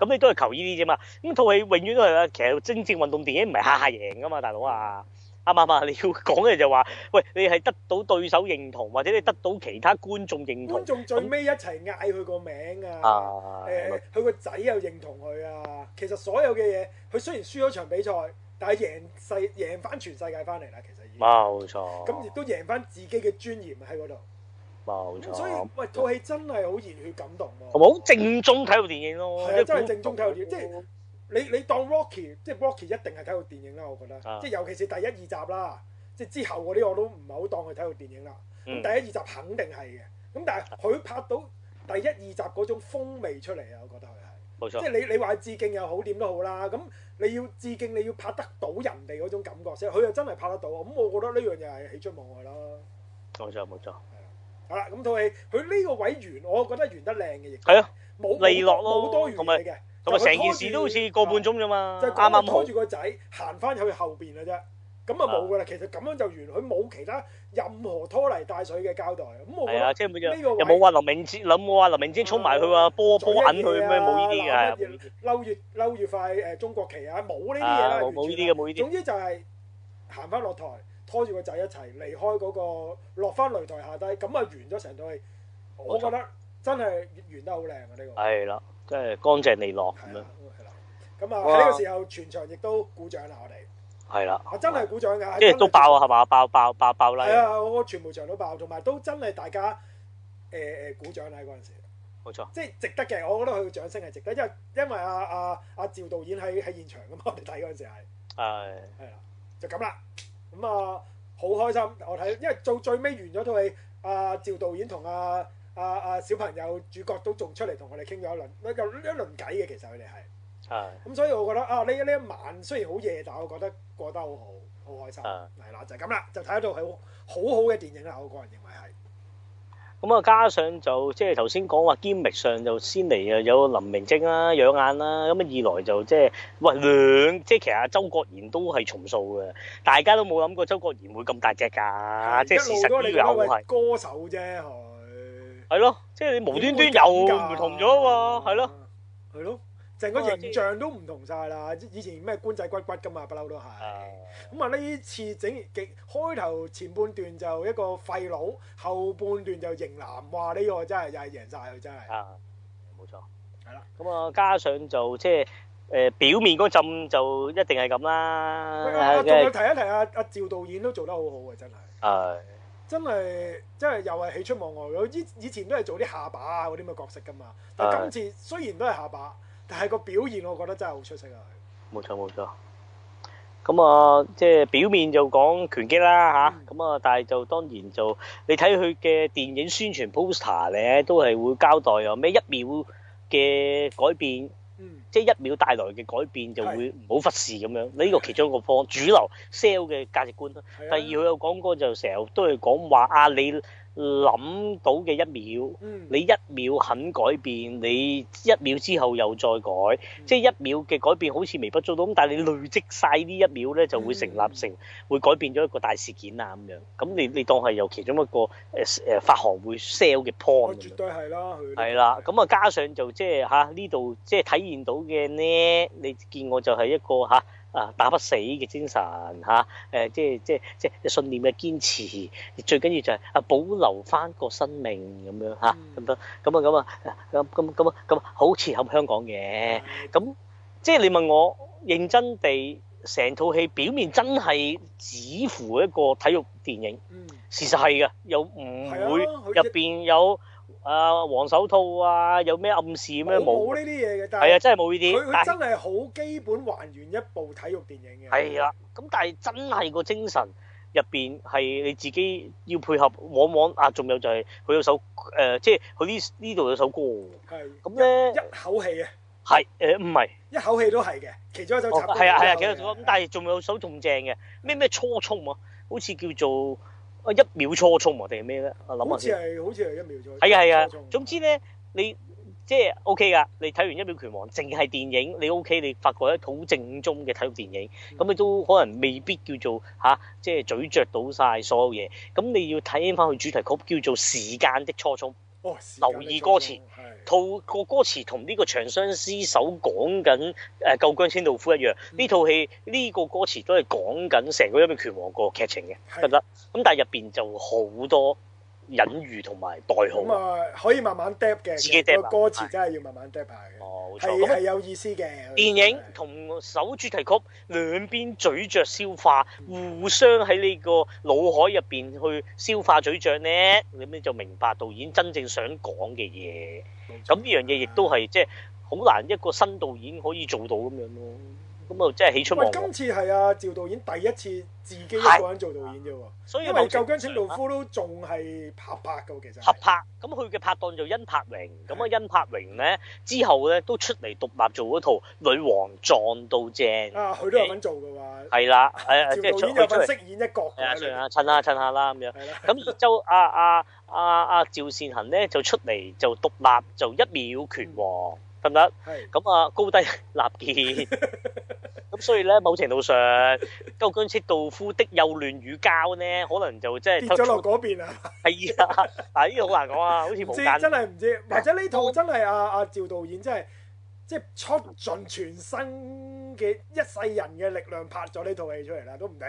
嗯、你都係求依啲啫嘛。咁套戲永遠都係其實真正運動電影唔係下下贏㗎嘛，大佬啊！啱啱啊，你要講嘅就話，喂，你係得到對手認同，或者你得到其他觀眾認同。觀眾最尾一齊嗌佢個名啊！誒、啊，佢個仔又認同佢啊！其實所有嘅嘢，佢雖然輸咗場比賽，但係贏世贏翻全世界翻嚟啦！其實已經冇錯。咁亦都贏翻自己嘅尊嚴喺嗰度。冇錯。所以，喂，套戲真係好熱血感動咯、啊。好正宗體育電影咯？係啊，對真係正宗體育電影，即係。你你當 Rocky 即係 Rocky 一定係睇套電影啦，我覺得，即係、啊、尤其是第一二集啦，即係之後嗰啲我都唔係好當佢睇套電影啦。咁、嗯、第一二集肯定係嘅，咁但係佢拍到第一二集嗰種風味出嚟啊，我覺得佢係冇錯。即係你你話致敬又好點都好啦，咁你要致敬你要拍得到人哋嗰種感覺，所以佢又真係拍得到，咁我覺得呢樣嘢係喜出望外咯。冇錯冇錯。係好啦，咁套戲佢呢個位圓，我覺得圓得靚嘅亦係咯，冇利落咯，冇多餘嘅。同埋成件事都好似個半鐘啫嘛，就係佢拖住個仔行翻去後邊啦啫，咁啊冇噶啦。其實咁樣就完，佢冇其他任何拖泥帶水嘅交代。咁我覺得呢個又冇話林明禎諗喎，林明禎衝埋佢喎，波波揾佢咩冇呢啲嘅。溜越溜越快誒中國旗啊，冇呢啲嘢啦，完全啊。冇呢啲嘅，冇呢啲。總之就係行翻落台，拖住個仔一齊離開嗰個落翻擂台下低，咁啊完咗成套戲。我覺得真係完得好靚啊！呢個係啦。即係乾淨利落咁樣，咁、嗯、啊呢哇個時候全場亦都鼓掌啦，我哋係啦，真係鼓掌噶，即係都爆啊，係嘛，爆爆爆爆，爆啦，係啊，我全部場都爆，同埋都真係大家誒誒、呃、鼓掌啦嗰陣時，冇錯錯，即係值得嘅，我覺得佢嘅掌聲係值得，因為因為阿阿阿趙導演喺喺現場噶嘛，我哋睇嗰陣時係係係啊，就咁啦，咁啊好開心，我睇，因為做最尾完咗套戲，阿、啊、趙、啊、導演同阿。對啊啊！小朋友主角都仲出嚟同我哋傾咗一輪，又一輪偈嘅，其實佢哋係，咁的、嗯、所以我覺得啊呢呢一晚雖然好夜，但我覺得過得好好，好開心。係啦的，就係咁啦，就睇到係好好嘅電影啦，我個人認為係。咁啊、嗯，加上就即係頭先講話，機密上就先嚟有林明晶啦、啊、楊眼啦、啊，咁啊二來就即係喂兩，即係其實周國賢都係重數嘅，大家都冇諗過周國賢會咁大隻㗎，即係是是事實都有是，歌手啫。係咯， 即係你無端端又唔同咗喎。係咯，係咯，成個形象都唔同晒啦。以前咩官仔骨骨噶嘛，不嬲都係。咁啊呢次整極開頭前半段就一個廢佬，後半段就型男。話呢、這個真係又係贏晒佢真係。啊，冇錯。係啦。咁啊，加上就即係誒表面嗰陣就一定係咁啦。仲要、啊啊、提一提阿阿趙導演都做得好好啊，真係是。係、啊。啊真係，真係又係喜出望外，啊。我以以前都係做啲下把啊嗰啲咁嘅角色㗎嘛，但係今次雖然都係下把，但係個表現我覺得真係好出色啊！冇錯冇錯，咁啊、呃，即係表面就講拳擊啦嚇，咁啊，嗯、但係就當然就你睇佢嘅電影宣傳 poster 咧，都係會交代有咩一秒嘅改變。即係一秒帶來嘅改變就會唔好忽視。咁樣，呢個是的 其中一個方 主流 sell 嘅價值觀咯。是的 第二佢有講過、就是，就成日都係講話啊你。諗到嘅一秒，你一秒肯改變，你一秒之後又再改， 即係一秒嘅改變好似微不足道咁，但係你累積晒呢一秒咧，就會成立成會改變咗一個大事件啊咁樣。咁你你當係由其中一個誒誒發行會 sell 嘅 point，絕對係啦，係啦。咁、嗯、啊，加上就、啊、即係嚇呢度即係體現到嘅呢，你見我就係一個嚇。啊。啊！打不死嘅精神嚇，誒、啊、即係即係即係信念嘅堅持，最緊要就係啊保留翻個生命咁樣嚇，咁得咁啊咁啊，咁咁咁啊咁啊，啊啊好似喺香港嘅，咁對 即係你問我認真地，成套戲表面真係似乎一個體育電影，嗯、事實係嘅，又唔會入邊有。啊，黃手套啊，有咩暗示咩？冇呢啲嘢嘅，但係啊，真係冇呢啲。佢它是真係好基本還原一部體育電影嘅。係啊，咁但係真係個精神入邊係你自己要配合，往往啊，仲有就係佢有首誒，即係佢呢呢度有首歌。咁咧、啊呢，一口氣啊。係誒，唔、呃、係一口氣都係嘅，其中一首插曲係啊係啊，幾首歌咁，但係仲有首仲正嘅，咩咩初衷啊，好似叫做。啊、一秒初衷定係咩咧？我諗下先。好似係，好似係一秒初衷。係啊係啊，啊總之咧，你即係 O K 噶。你睇完一秒拳王，淨係電影，你 O、OK, K，你發覺一套正宗嘅體育電影。咁、嗯、你都可能未必叫做吓、啊，即係咀嚼到晒所有嘢。咁你要睇翻佢主題曲，叫做《時間的初衷》，哦、衷留意歌詞。套個歌詞同呢個《長相廝守》講緊誒《舊姜千道夫》一樣，呢、嗯、套戲呢、嗯、個歌詞都係講緊成個一秒拳王個劇情嘅，得唔得？咁但係入邊就好多，隱喻同埋代號。咁啊、嗯，可以慢慢 dép 嘅。自己 dép，歌詞真係要慢慢 dép 冇錯。咁係有意思嘅。電影同首主題曲兩邊咀嚼消化，嗯、互相喺呢個腦海入邊去消化咀嚼咧，咁你就明白導演真正想講嘅嘢。咁呢錯樣嘢亦都係即係好難一個新導演可以做到咁樣咯。咁啊，即係喜出望外。喂，今次係阿趙導演第一次自己一個人做導演啫喎，因為救殭清道夫都仲係拍拍噶，其實。合拍咁佢嘅拍檔就殷柏榮，咁啊殷柏榮咧，之後咧都出嚟獨立做嗰套《女王撞到正》啊，佢都有份做㗎嘛。係啦，係啊，即係出佢出飾演一角。係啊，算下襯下襯下啦咁樣。咁而周阿阿阿阿趙善恒咧就出嚟就獨立就一秒拳王。 得唔得？咁啊的高低立見，咁 所以咧，某程度上，《高爾基道夫的幼嫩乳膠》咧，可能就即係跌咗落嗰邊 啊！係啊，嗱，呢個好難講啊，好似冇間真係唔知，或者呢套真係啊，阿、啊、趙導演真係即係出盡全身嘅一世人嘅力量拍咗呢套戲出嚟啦，都唔定。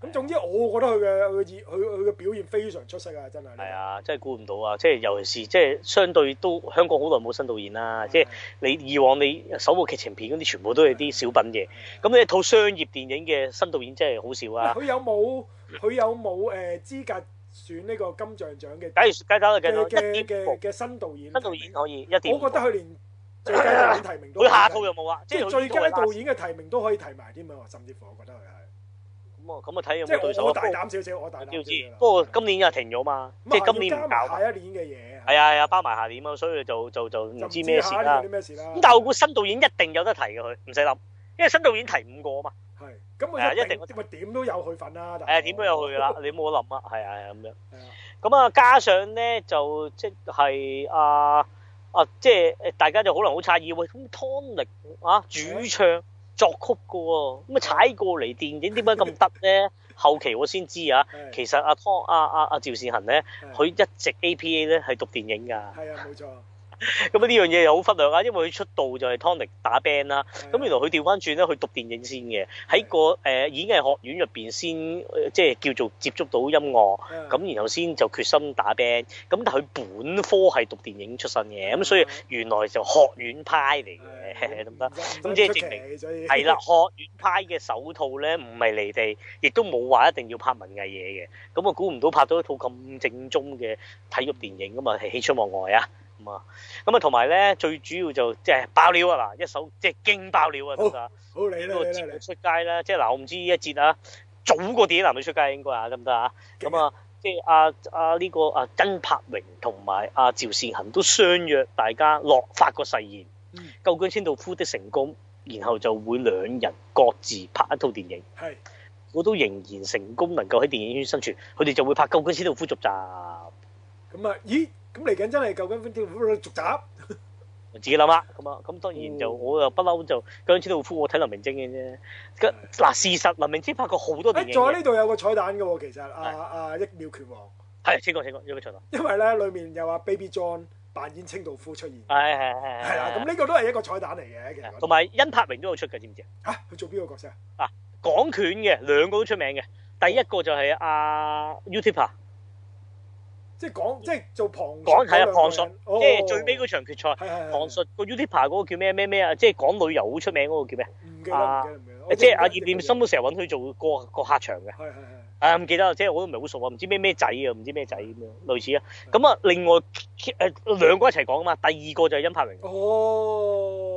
咁總之，我覺得佢嘅佢佢嘅表現非常出色啊！真係係啊，真係估唔到啊！即係尤其是即係相對都香港好耐冇新導演啦。即係你以往你首部劇情片嗰啲全部都係啲小品嘢。咁你一套商業電影嘅新導演真係好少啊！佢有冇佢有冇誒資格選呢個金像獎嘅？假如加加你幾一點嘅新導演？新導演可以一點。我覺得佢連佢下套有冇啊！即係最佳導演嘅提名都可以提埋添嘛？甚至乎我覺得佢係。咁啊，睇有冇對手。即大膽少少，我大膽。知唔知？不過今年又停咗嘛，即係今年唔搞下一年嘅嘢。係啊係啊，包埋下年啊，所以就就就唔知咩事啦。咁但係我估新導演一定有得提嘅，佢唔使諗，因為新導演提五個啊嘛。係。咁一定我點都有佢份啦。係啊，點都有去啦，你唔好諗啊，係啊係啊咁樣。係啊。咁啊，加上咧就即係啊啊，即係大家就好難好詫異，喂，咁 Tony 啊，主唱。作曲嘅喎，咁啊踩過嚟電影點解咁得咧？麼麼呢 後期我先知 是的 啊，其實阿湯阿阿阿趙善恒咧，佢是的 一直、AP、A P A 咧係讀電影㗎。係啊，冇錯。咁啊呢樣嘢又好忽略啊，因為佢出道就係 Tonic 打 band 啦的。咁原來佢調翻轉咧，佢讀電影先嘅，喺個已演藝學院入邊先，即係叫做接觸到音樂。咁的然後先就決心打 band。咁但係佢本科係讀電影出身嘅，咁的所以原來就學院派嚟嘅，得唔得？咁 即係證明係啦，學院派嘅手套咧，唔係你哋，亦都冇話一定要拍文藝嘢嘅。咁啊，估唔到拍到一套咁正宗嘅體育電影咁啊，係喜出望外啊！咁、嗯、啊，同埋咧，最主要就即係爆料啊！嗱，一首即係驚爆料啊！得唔得啊！好，你呢個節目出街咧？即係嗱，我唔知呢一節啊，早個電影男女出街啊？應該啊，得唔得啊？咁啊，即係阿阿呢個阿甄柏榮同埋阿趙善恒都相約大家落發個誓言，救殭清道夫的成功，然後就會兩人各自拍一套電影。係是，我都仍然成功能夠喺電影圈生存，佢哋就會拍《救殭清道夫》續集。咁啊、嗯，咦？咁嚟緊真係究竟風調，續集我自己諗啦，咁啊，咁當然就我又不嬲就姜清道夫我睇林明晶嘅啫。嗱，事實林明晶拍過好多電影。喺呢度有個彩蛋嘅喎，其實啊啊一秒拳王。係，聽過聽過，有個彩蛋。因為咧，裏面有阿 Baby John 扮演清道夫出現。係係係。係啦，咁呢個都係一個彩蛋嚟嘅，其實。同埋殷柏明都有出嘅，知唔知啊？嚇，佢做邊個角色？啊，港拳嘅兩個都出名嘅。第一個就係阿 Youtuber。即係講，即係做旁講係啊，旁述，即係最尾嗰場決賽，旁述個 YouTube 嗰個叫咩咩咩啊？即係講旅遊好出名嗰個叫咩啊？即係阿葉念琛都成日揾佢做個個客場嘅，係係係。誒唔記得，即係我都唔係好熟啊，唔知咩咩仔啊，唔知咩仔咁樣，類似啊。咁啊，另外誒兩個一齊講啊嘛，第二個就係殷柏榮。哦。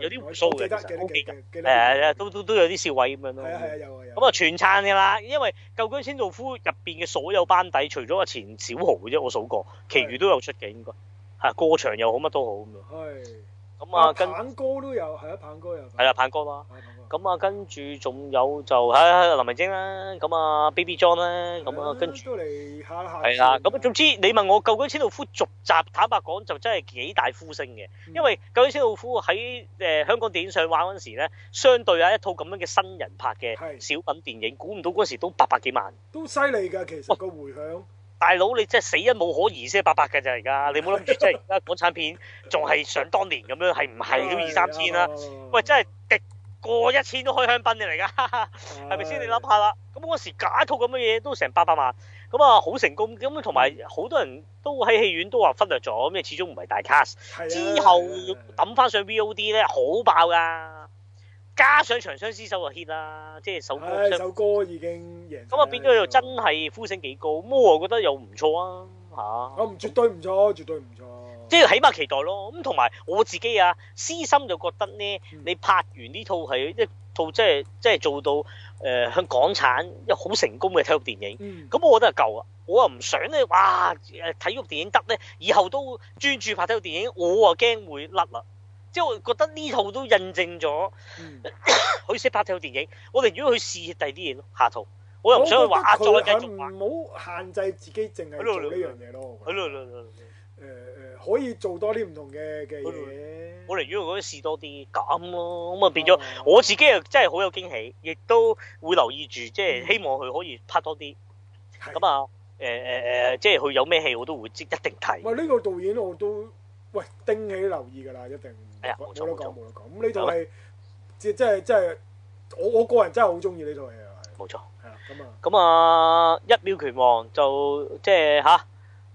有啲鬍鬚嘅，O.K. 㗎，嗯，誒誒都都都有啲笑位咁樣咯，咁啊，啊，啊就全撐㗎啦，因為舊軍清道夫入邊嘅所有班底，除咗阿錢小豪嘅啫，我數過，其餘都有出鏡，應該係的過場又好乜都好咁樣。咁啊，鵬哥都有，係啊，鵬哥有。係啦，鵬哥嘛，咁啊，跟住仲有就，吓林明禎啦，咁啊，Babyjohn 啦，咁啊，跟住都嚟下啦下。係啦，咁總之你問我救殭清道夫續集，坦白講就真係幾大呼聲嘅，因為救殭清道夫喺誒香港電影上畫嗰陣時咧，相對有一套咁樣嘅新人拍嘅小品電影，估唔到嗰時都八百幾萬，都犀利噶，其實。個回響。大佬，你真係死因冇可疑先，八百嘅咋。而家，你冇諗住即係而家港產片仲係想當年咁樣，係唔係都二三千啦？喂，真係跌過一千都開香檳嘅嚟噶，係咪先？ 是是你諗下啦，咁嗰 時假套咁嘅嘢都成八百萬，咁啊好成功，咁同埋好多人都喺戲院都話忽略咗，咩始終唔係大 cast、啊、之後抌翻、啊啊、上 VOD 咧好爆噶。加上《長相思》首個 hit 啦，即係首、哎、首歌已經贏。咁啊，變咗又真係呼聲幾高，咁、啊、我覺得又唔錯啊嚇。咁、啊啊、絕對唔錯，絕對唔錯，啊。即係起碼期待咯。咁同埋我自己啊，私心就覺得呢，嗯，你拍完呢套係一套即係即係做到誒、呃、向港產一好成功嘅體育電影。咁、嗯、我覺得係夠啊。我又唔想咧，哇誒體育電影得咧，以後都專注拍體育電影，我啊驚會甩啦。即係我覺得呢套都印證咗佢識拍套電影。我寧願去試第啲嘢咯，下套我又唔想去話再繼續，唔好限制自己，淨係喺度。呢樣嘢咯。喺度。去咯，誒可以做多啲唔同嘅嘅嘢。我寧願覺得試多啲咁咯。咁啊，變咗我自己又真係好有驚喜，亦都會留意住，即係希望佢可以拍多啲。咁啊誒誒誒，即係佢有咩戲我都會即一定睇。唔係呢個導演我都。喂，叮起留意噶啦，一定哎呀，冇錯，冇得講冇得講咁呢套係即係即係即係我我個人真係好中意呢套戲啊！冇錯，係啊咁啊。咁啊一秒拳王就即係嚇，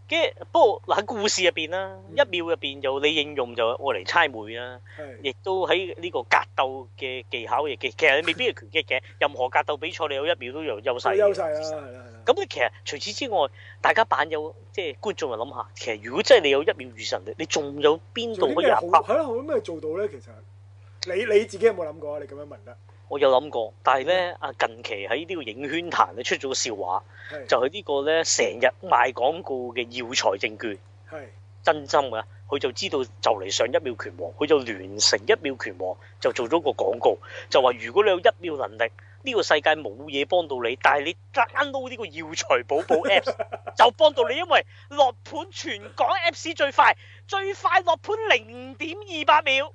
即係不過喺故事入邊啦，一秒入邊就你應用就愛嚟猜枚啦，亦都喺呢個格鬥嘅技巧亦其其實你未必係拳擊嘅，任何格鬥比賽你有一秒都有優勢。咁咧，其實除此之外，大家版友即係觀眾又諗下，其實如果真係你有一秒預神力，你仲有邊度可以？係咯，有咩做到咧？其實你你自己有冇諗過啊？你咁樣問得，我有諗過，但係咧，阿近期喺呢個影圈壇咧出咗個笑話，是的 就係呢個咧成日賣廣告嘅耀才證券，係是的 真心啊！佢就知道就嚟上一秒拳王，佢就聯成一秒拳王，就做咗個廣告，就話如果你有一秒能力。呢個世界冇嘢幫到你，但係你 download 呢個耀才寶寶 apps, S, 就幫到你，因為落盤全港 apps 最快，最快落盤零點二八秒，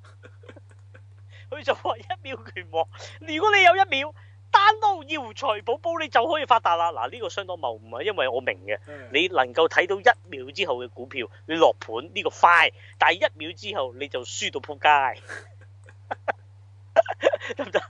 佢 就話一秒拳王。如果你有一秒 download 耀才寶寶，你就可以發達啦。嗱，呢、這個相當謬誤啊，因為我明嘅，嗯、你能夠睇到一秒之後嘅股票，你落盤呢個快，但係一秒之後你就輸到撲街，得唔得？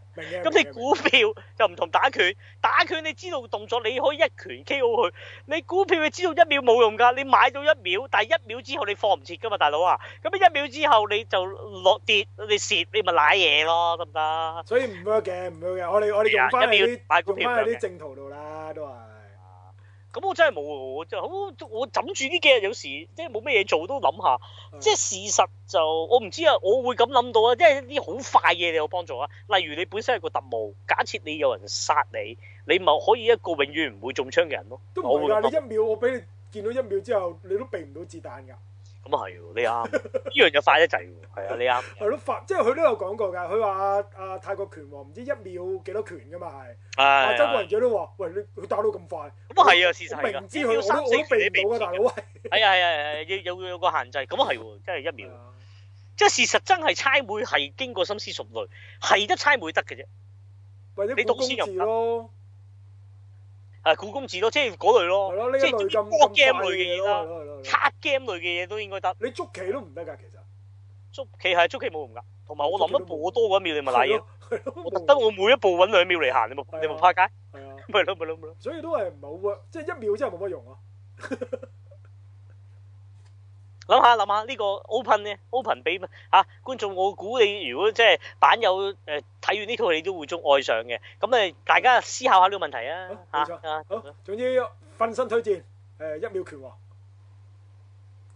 咁你股票就唔同打拳，打拳你知道動作，你可以一拳 KO 佢。你股票你知道一秒冇用㗎，你買到一秒，但係一秒之後你放唔切㗎嘛，大佬啊！咁一秒之後你就落跌，你蝕你咪瀨嘢咯，得唔得？所以唔好嘅，唔好嘅，我哋的我哋用翻啲用翻啲正途度啦，都話。咁我真係冇，就好我枕住呢幾日有時即係冇乜嘢做都諗下，即係事實就我唔知啊，我會咁諗到啊，即係啲好快嘢你有幫助啊，例如你本身係個特務，假設你有人殺你，你咪可以一個永遠唔會中槍嘅人咯，都冇㗎，你一秒我俾你見到一秒之後，你都避唔到子彈㗎。咁啊係喎，你啱，呢樣嘢快得滯喎，啊，你啱，係咯，即係佢都有講過㗎，佢話啊泰國拳王唔知一秒幾多拳㗎嘛係，啊周國人者都話，喂，你佢打到咁快，咁啊係啊事實係噶，我明唔知佢我都大佬，係，啊係啊，有有有個限制，咁啊係喎，真係一秒，即係事實真係猜枚係經過深思熟慮，係得猜枚得嘅啫，你讀公字咯，係故公字咯，即係嗰類咯，即係 game 類嘅嘢啦。卡 game 類嘅嘢都應該得，你捉棋都唔得噶。其實捉棋係捉棋冇用噶，同埋我諗一步我多過一秒你咪瀨咯，我特登我每一步搵兩秒嚟行，你冇你冇化解，係啊，咪咯咪咯咪咯。所以都係唔好即係一秒真係冇乜用啊。諗下諗下呢個 open 咧，open 俾啊，觀眾。我估你如果即係版友誒睇完呢套，你都會中愛上嘅。咁咧大家思考下呢個問題啊，吓好，總之瞓身推薦誒一秒拳王。